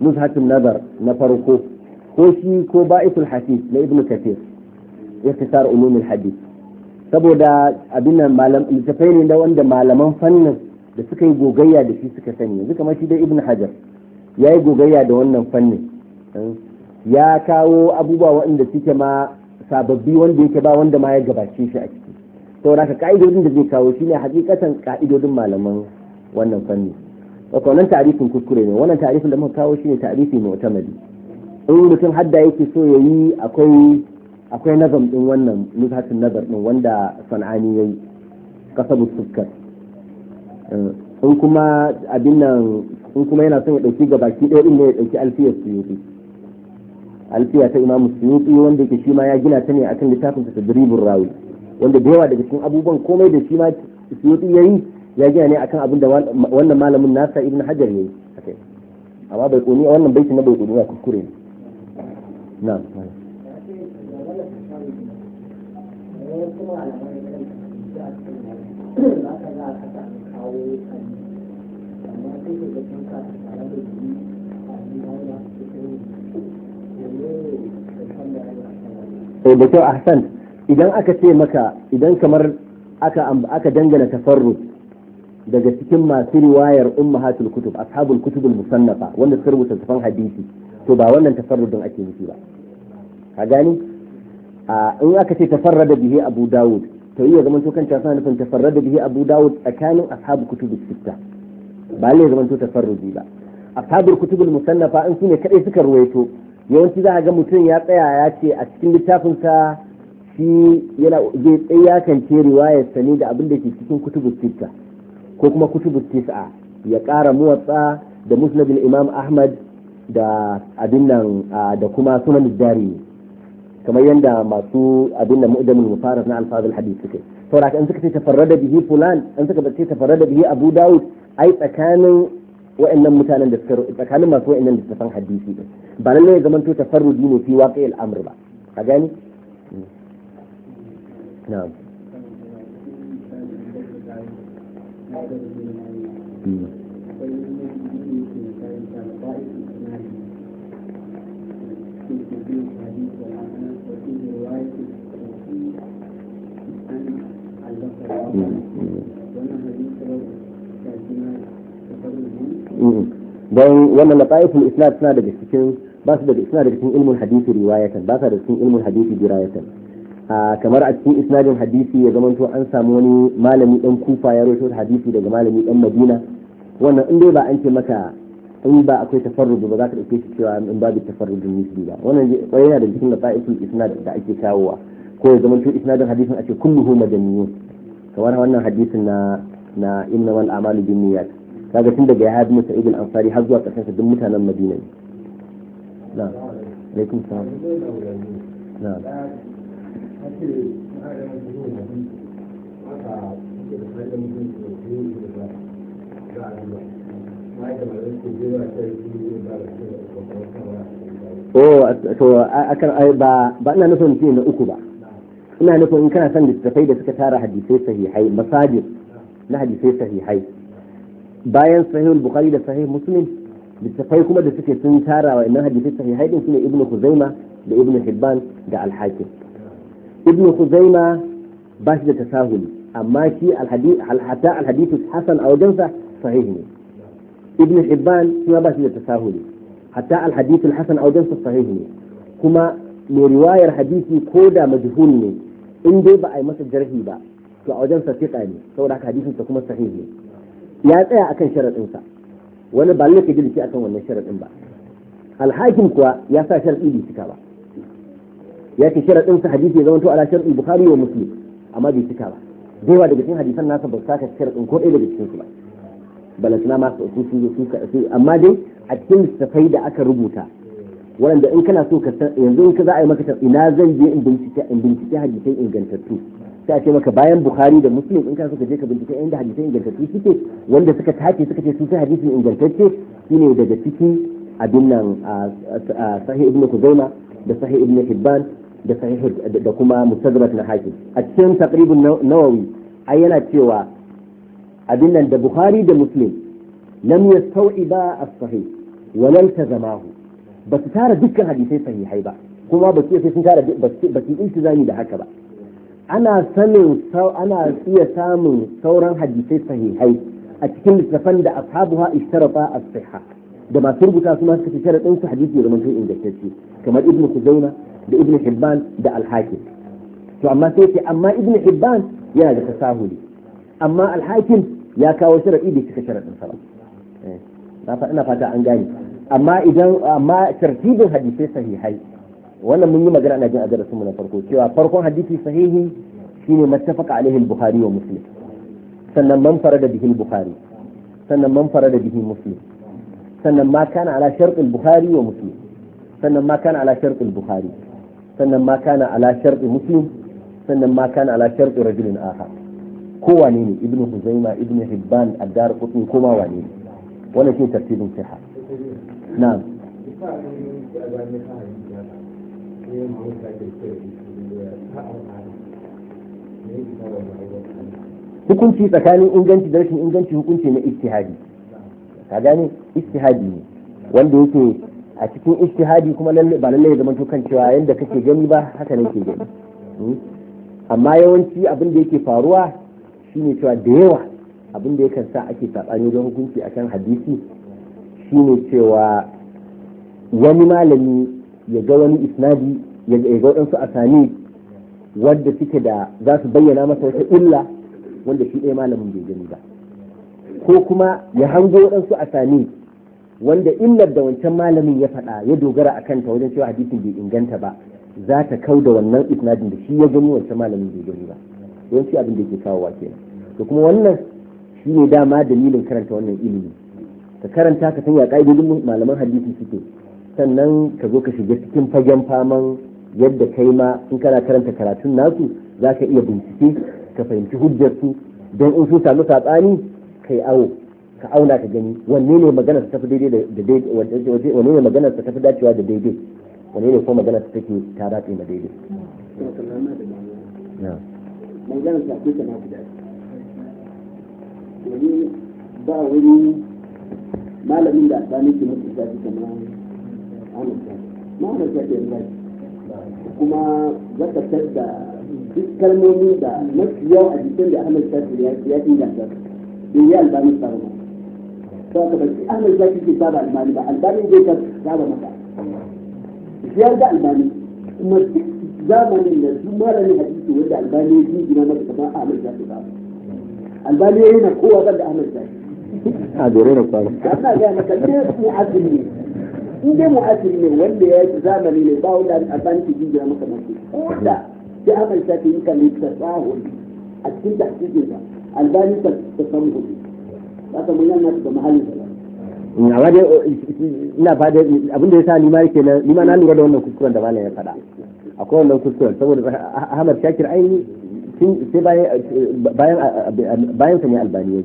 S1: nuzhatun nazar na farko ko shi ko ba ikul hafiz na ibnu kathir ikhtisar ulumul hadis saboda abin nan malam littafai ne da wanda malaman fannin da suka yi gogayya da shi suka sani yanzu kamar shi da ibnu hajar ya yi gogayya da wannan fannin ya kawo abubuwa waɗanda suke ma sababbi wanda yake ba wanda ma ya gabace shi a ciki saboda haka ka'idodin da zai kawo shine hakikatan ka'idodin malaman wannan fanni wato nan tarifin kuskure ne wannan tarifin da muka kawo shine tarifi mai tamari in mutum hadda yake so ya yi akwai akwai nazam din wannan nuzhatun nazar din wanda sana'ani yayi kasabu sukkar eh, in kuma abin nan in kuma yana son ya dauki gabaki ɗaya din ne ya dauki alfiyar suyuti alfiya ta imamu suyuti wanda yake shi ma ya gina ta ne akan littafin sa tadribur rawi wanda da yawa daga cikin abubuwan komai da shi ma suyuti yayi ya gina ne akan abin da wannan malamin nasa ibn hajar yayi akai amma bai koni wannan baiti na bai koni ya kuskure na'am to da kyau ahsan idan aka ce maka idan kamar aka aka dangana tafarrud daga cikin masu riwayar ummahatul kutub ashabul kutubul musannafa wanda suka rubuta tafan hadisi to ba wannan tafarrudin ake nufi ba ka gani in aka ce tafarrada bihi abu dawud to iya zaman to kan tafsir nufin tafarrada bihi abu dawud tsakanin ashabul Kutubul sitta ba lai zaman to tafarrudi ba ashabul kutubul musannafa in sune kadai suka ruwaito yawanci za a ga mutum ya tsaya ya ce a cikin littafinsa shi yana zai tsayakance riwayar sani da abin da ke cikin kutubu sita ko kuma kutubu tis'a ya ƙara muwatsa da musnadin imam ahmad da abin nan da kuma sunan dari kamar yadda masu abin nan mu'jamul mufarrad na alfazul hadith suke saboda an suka ce tafarrada bihi fulan an suka ce tafarrada bihi abu daud ai tsakanin wa'annan mutanen da suka tsakanin masu wa'annan da suka san hadisi din ba nan ne zaman to tafarrudi ne fi waqi'il amr ba ka gani na'am Mm-hmm. don wannan lataiful islam suna daga cikin ba su daga suna daga cikin ilmin hadisi riwayatan ba su daga cikin ilmin hadisi dirayatan kamar a cikin isnadin hadisi ya zamanto an samu wani malami dan kufa ya rawaito hadisi daga malami dan madina wannan in dai ba an ce maka in ba akwai tafarrudu ba za ka dauke shi cewa in babu tafarrudun misli ba wannan kwarai yana da cikin lataiful isnad da ake kawowa ko ya zamanto isnadin hadisin a ce kulluhu madaniyun kamar wannan hadisin na na innamal a'malu binniyat kaga tun daga ya bin sa'id al-ansari har zuwa ƙarshen duk mutanen madina ne na alaikum salam na Oh, to akan ba ba ina nufin ce na uku ba. Ina nufin in kana son littattafai da suka tara hadisai sahihai, masajid na hadisai sahihai. bayan sahihul bukhari da sahih muslim littafai kuma da suke sun tara wa innan hadisai sahihai din ne ibnu huzaima da ibnu hibban da al-hakim ibnu huzaima ba shi da tasahuli amma shi hatta al-hadithu hasan a wajensa sahih ne ibnu hibban kuma ba shi da tasahuli hatta al-hadithu hasan a wajensa sahih ne kuma mai riwayar hadisi ko da majhul ne in dai ba a yi masa jarhi ba to a wajensa fiqa ne saboda haka hadisinsa kuma sahih ne ya tsaya akan sharaɗinsa wani ba lalle ka ji akan wannan sharaɗin ba alhakim kuwa ya sa sharaɗi bai cika ba ya ce sharaɗinsa hadisi ya zama to ala sharaɗi bukhari wa muslim amma bai cika ba da yawa daga cikin hadisan nasa ba su saka sharaɗin ko ɗaya daga cikin su ba balasna ma su su su amma dai a cikin littattafai da aka rubuta wanda in kana so ka yanzu in ka za a yi maka ina zan je in bincike in bincike hadisai ingantattu sai a ce maka bayan bukhari da muslim in ka suka je ka bincika inda hadisai ingantattu suke wanda suka tace suka ce su ta hadisin ingantacce shine daga cikin abin nan sahih ibn kuzaima da sahih ibn hibban da sahih da kuma mustadrak na hakim a cikin taqribun nawawi ai yana cewa abin nan da bukhari da muslim lam yastawiba as-sahih wa lam tazamahu ba su tara dukkan hadisai sahihai ba kuma ba su sai sun tara ba su iltizami da haka ba ana sanin ana iya samun sauran hadisai sahihai a cikin littafan da ashabuha ishtarafa as-sihha da masu rubuta su ma suka shara din su hadisi da mutum ingantacce kamar ibnu kuzaina da ibnu hibban da al-hakim to amma sai ce amma ibnu hibban yana da tasahuli amma al-hakim ya kawo sharadi da suka shara sa ba eh, ina fata an gane amma idan amma tartibin hadisai sahihai wannan mun yi magana ana jin a darasin mu na farko cewa farkon hadisi sahihi shine mattafaqa alaihi al-bukhari wa muslim sannan man farada bihi al-bukhari sannan man farada bihi muslim sannan ma kana ala shart al-bukhari wa muslim sannan ma kana ala shart al-bukhari sannan ma kana ala shart muslim sannan ma kana ala shart rajulin akhar kowane ne ibn huzaima ibn hibban addar qutni kuma wane ne wannan shine tartibin sahih na'am hukunci tsakanin inganci da rashin inganci hukunci na itihadi ka gane istihadi ne wanda yake a cikin itihadi kuma lalle ba lalle ya zama to cewa yanda kake gani ba haka nake gani hmm? amma yawanci abin da yake faruwa shine cewa da yawa abin da yakan sa ake sabani don hukunci a kan hadisi shine cewa wani malami ya ga wani isnadi ya ga waɗansu sami wadda suke da za su bayyana masa wata illa wanda shi ɗaya malamin bai gani ba ko kuma ya hango waɗansu asani wanda illar da wancan malamin ya faɗa ya dogara a kanta wajen cewa hadisin bai inganta ba za ta kau da wannan isnadin da shi ya gani wancan malamin bai gani ba shi abin da ke kawo kenan to kuma wannan shi ne dama dalilin karanta wannan ilimi ka karanta ka sanya ka'idodin malaman hadisi suke sannan ka zo ka shiga cikin fagen faman yadda kai ma in kana karanta karatun nasu za ka iya bincike ka fahimci hujjarsu don in sun samu saɓani kai awo ka auna ka gani wanne ne magana ta tafi daidai da daidai wanne ne magana ta tafi dacewa da daidai wanne ne ko magana ta take ta dace ma daidai
S3: magana ta take ta dace wani ba wani malamin da asali ke mutu shi kamar amurka ma amurka ke yanzu kuma za ka da duk kalmomin da mafi yawa a jikin da ahmad shakir ya inganta bai yi albani tsara ba to aka bar ahmad shakir ke saba albani ba albani zai ka saba maka ziyar da albani kuma duk zamanin da su malamin hadisi wanda albani ya jingina maka kamar ahmad shakir ba albani ya yana kowa kan da ahmad shakir
S1: a dore na kwaro.
S3: Ana gaya maka ne mu azumi in dai mu'asiri ne wanda ya yi zamani ne ba wanda a tsani ki jijira maka mace ko da ya amanta ta yi ka ne ta tsahuri a cikin tahqiqin sa albani ta samu hudu ta mun yana da mahallin da
S1: na ba ina fada abin da ya sa nima yake nan nima na lura da wannan kuskuren da malam ya faɗa akwai wannan kuskuren saboda Ahmad Shakir aini sai bayan bayan sa ne albani ya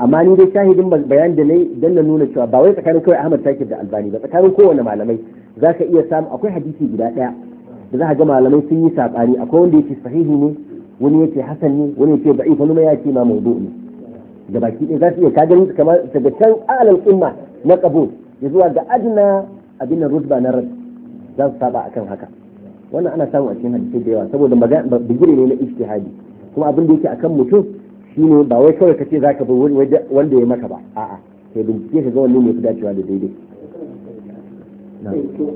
S1: amma ni dai shahidin bayan da nayi dan na nuna cewa ba wai tsakanin kawai Ahmad Shakir da Albani ba tsakanin kowane malamai zaka iya samu akwai hadisi guda daya da za ga malamai sun yi sabani akwai wanda yake sahihi ne wani yake hasan ne wani yake da'if wani ma yake ma mawdu' ne da baki ɗaya za su iya ka kamar daga can alal umma na qabul ya zuwa ga adna abin rutba na rad za su saba akan haka wannan ana samu a cikin hadisi da yawa saboda bigire ne na ijtihadi kuma abin da yake akan mutum shi ne ba wai kawai kace zaka bi wanda ya maka ba a'a sai bincike ke ga wannan ne fi cewa da daidai to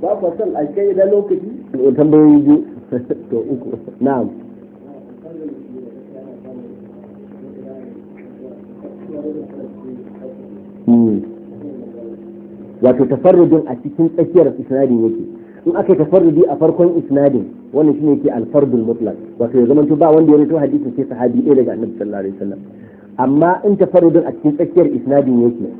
S3: ba ka san a kai da lokaci tambayoyi biyu to uku na'am
S2: hmm.
S1: wato tafarrujin a cikin tsakiyar isnadin yake in aka tafarrudi a farkon isnadin wannan shine yake alfardul mutlaq wato ya zamanto ba wanda ya rito hadisin sai sahabi ɗaya daga annabi sallallahu alaihi wasallam amma in tafarrudin a cikin tsakiyar isnadin yake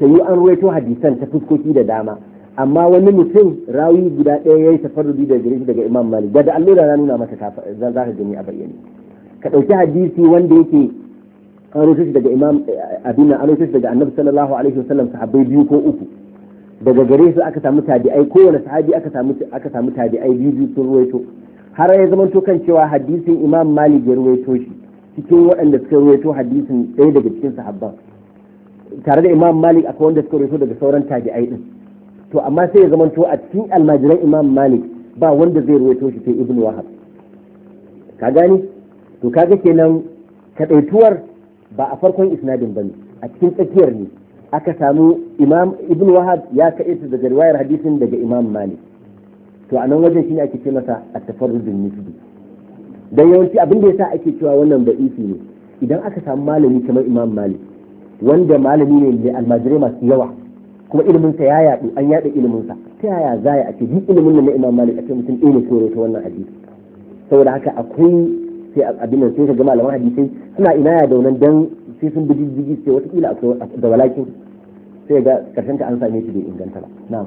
S1: ta yi an rito hadisan ta fuskoki da dama amma wani mutum rawi guda ɗaya ya yi tafarrudi da gare shi daga imam malik da da allura na nuna maka za ka gani a bayyane ka ɗauki hadisi wanda yake an rito shi daga imam eh, abin an rito shi daga annabi sallallahu alaihi wasallam sahabbai biyu ko uku daga gare su aka samu tabi'ai kowane sahabi aka samu aka samu tabi'ai biyu sun ruwaito har ya zama to kan cewa hadisin Imam Malik ya ruwaito shi cikin waɗanda suka ruwaito hadisin ɗaya daga cikin sahabban tare da Imam Malik akwai wanda suka ruwaito daga sauran tabi'ai din to amma sai ya zama to a cikin almajiran Imam Malik ba wanda zai ruwaito shi sai Ibn Wahab ka gani to kaga kenan kadaituwar ba a farkon isnadin bane a cikin tsakiyar ne aka samu imam ibn wahab ya kaɗe daga riwayar hadisin daga imam malik to a nan wajen shine ake ce masa at-tafarrudun nisbi dan yawanci abin da yasa ake cewa wannan da'ifi ne idan aka samu malami kamar imam malik wanda malami ne da almajirai masu yawa kuma ilimin sa ya yaɗu an yaɗa ilimin sa ta yaya za a ce duk ilimin nan na imam malik a ce mutum ɗaya ne kore ta wannan hadisi saboda haka akwai sai abin nan sai ka ga malaman hadisai suna ina ya da dan sai sun bi diddigi sai watakila da walakin sai ga karshen ta an same shi bai inganta ba na'am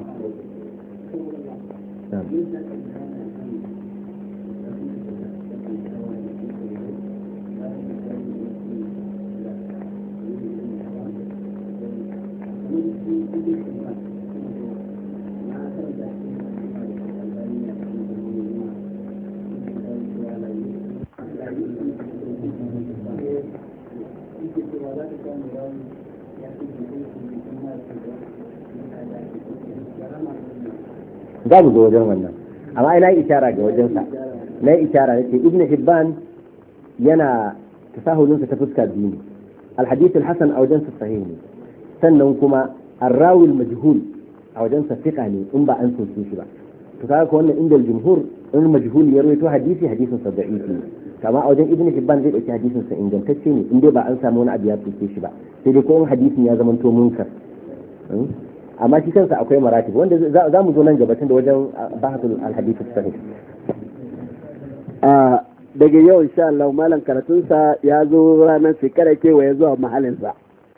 S1: za mu ga wajen wannan amma ai na yi ishara ga wajensa na yi ishara na ce ibn hibban yana tasahulinsa ta fuska biyu ne alhadith alhasan a wajensa sahih ne sannan kuma arrawul majhul a wajen sa fiqa ne in ba an soke shi ba to kaga ko wannan indal jumhur in majhul ya rawaito hadisi hadisin sa da'ifi ne kama a wajen ibn hibban zai dauki hadisin sa ingantacce ne in dai ba an samu wani abu ya soke shi ba sai dai ko hadisin ya zamanto munkar hmm? amma shi kansa akwai maratib wanda za mu zo nan gaba da wajen bahasul alhadith sahih
S3: daga yau insha Allah malam karatunsa ya zo ranar shekara ya zuwa mahallinsa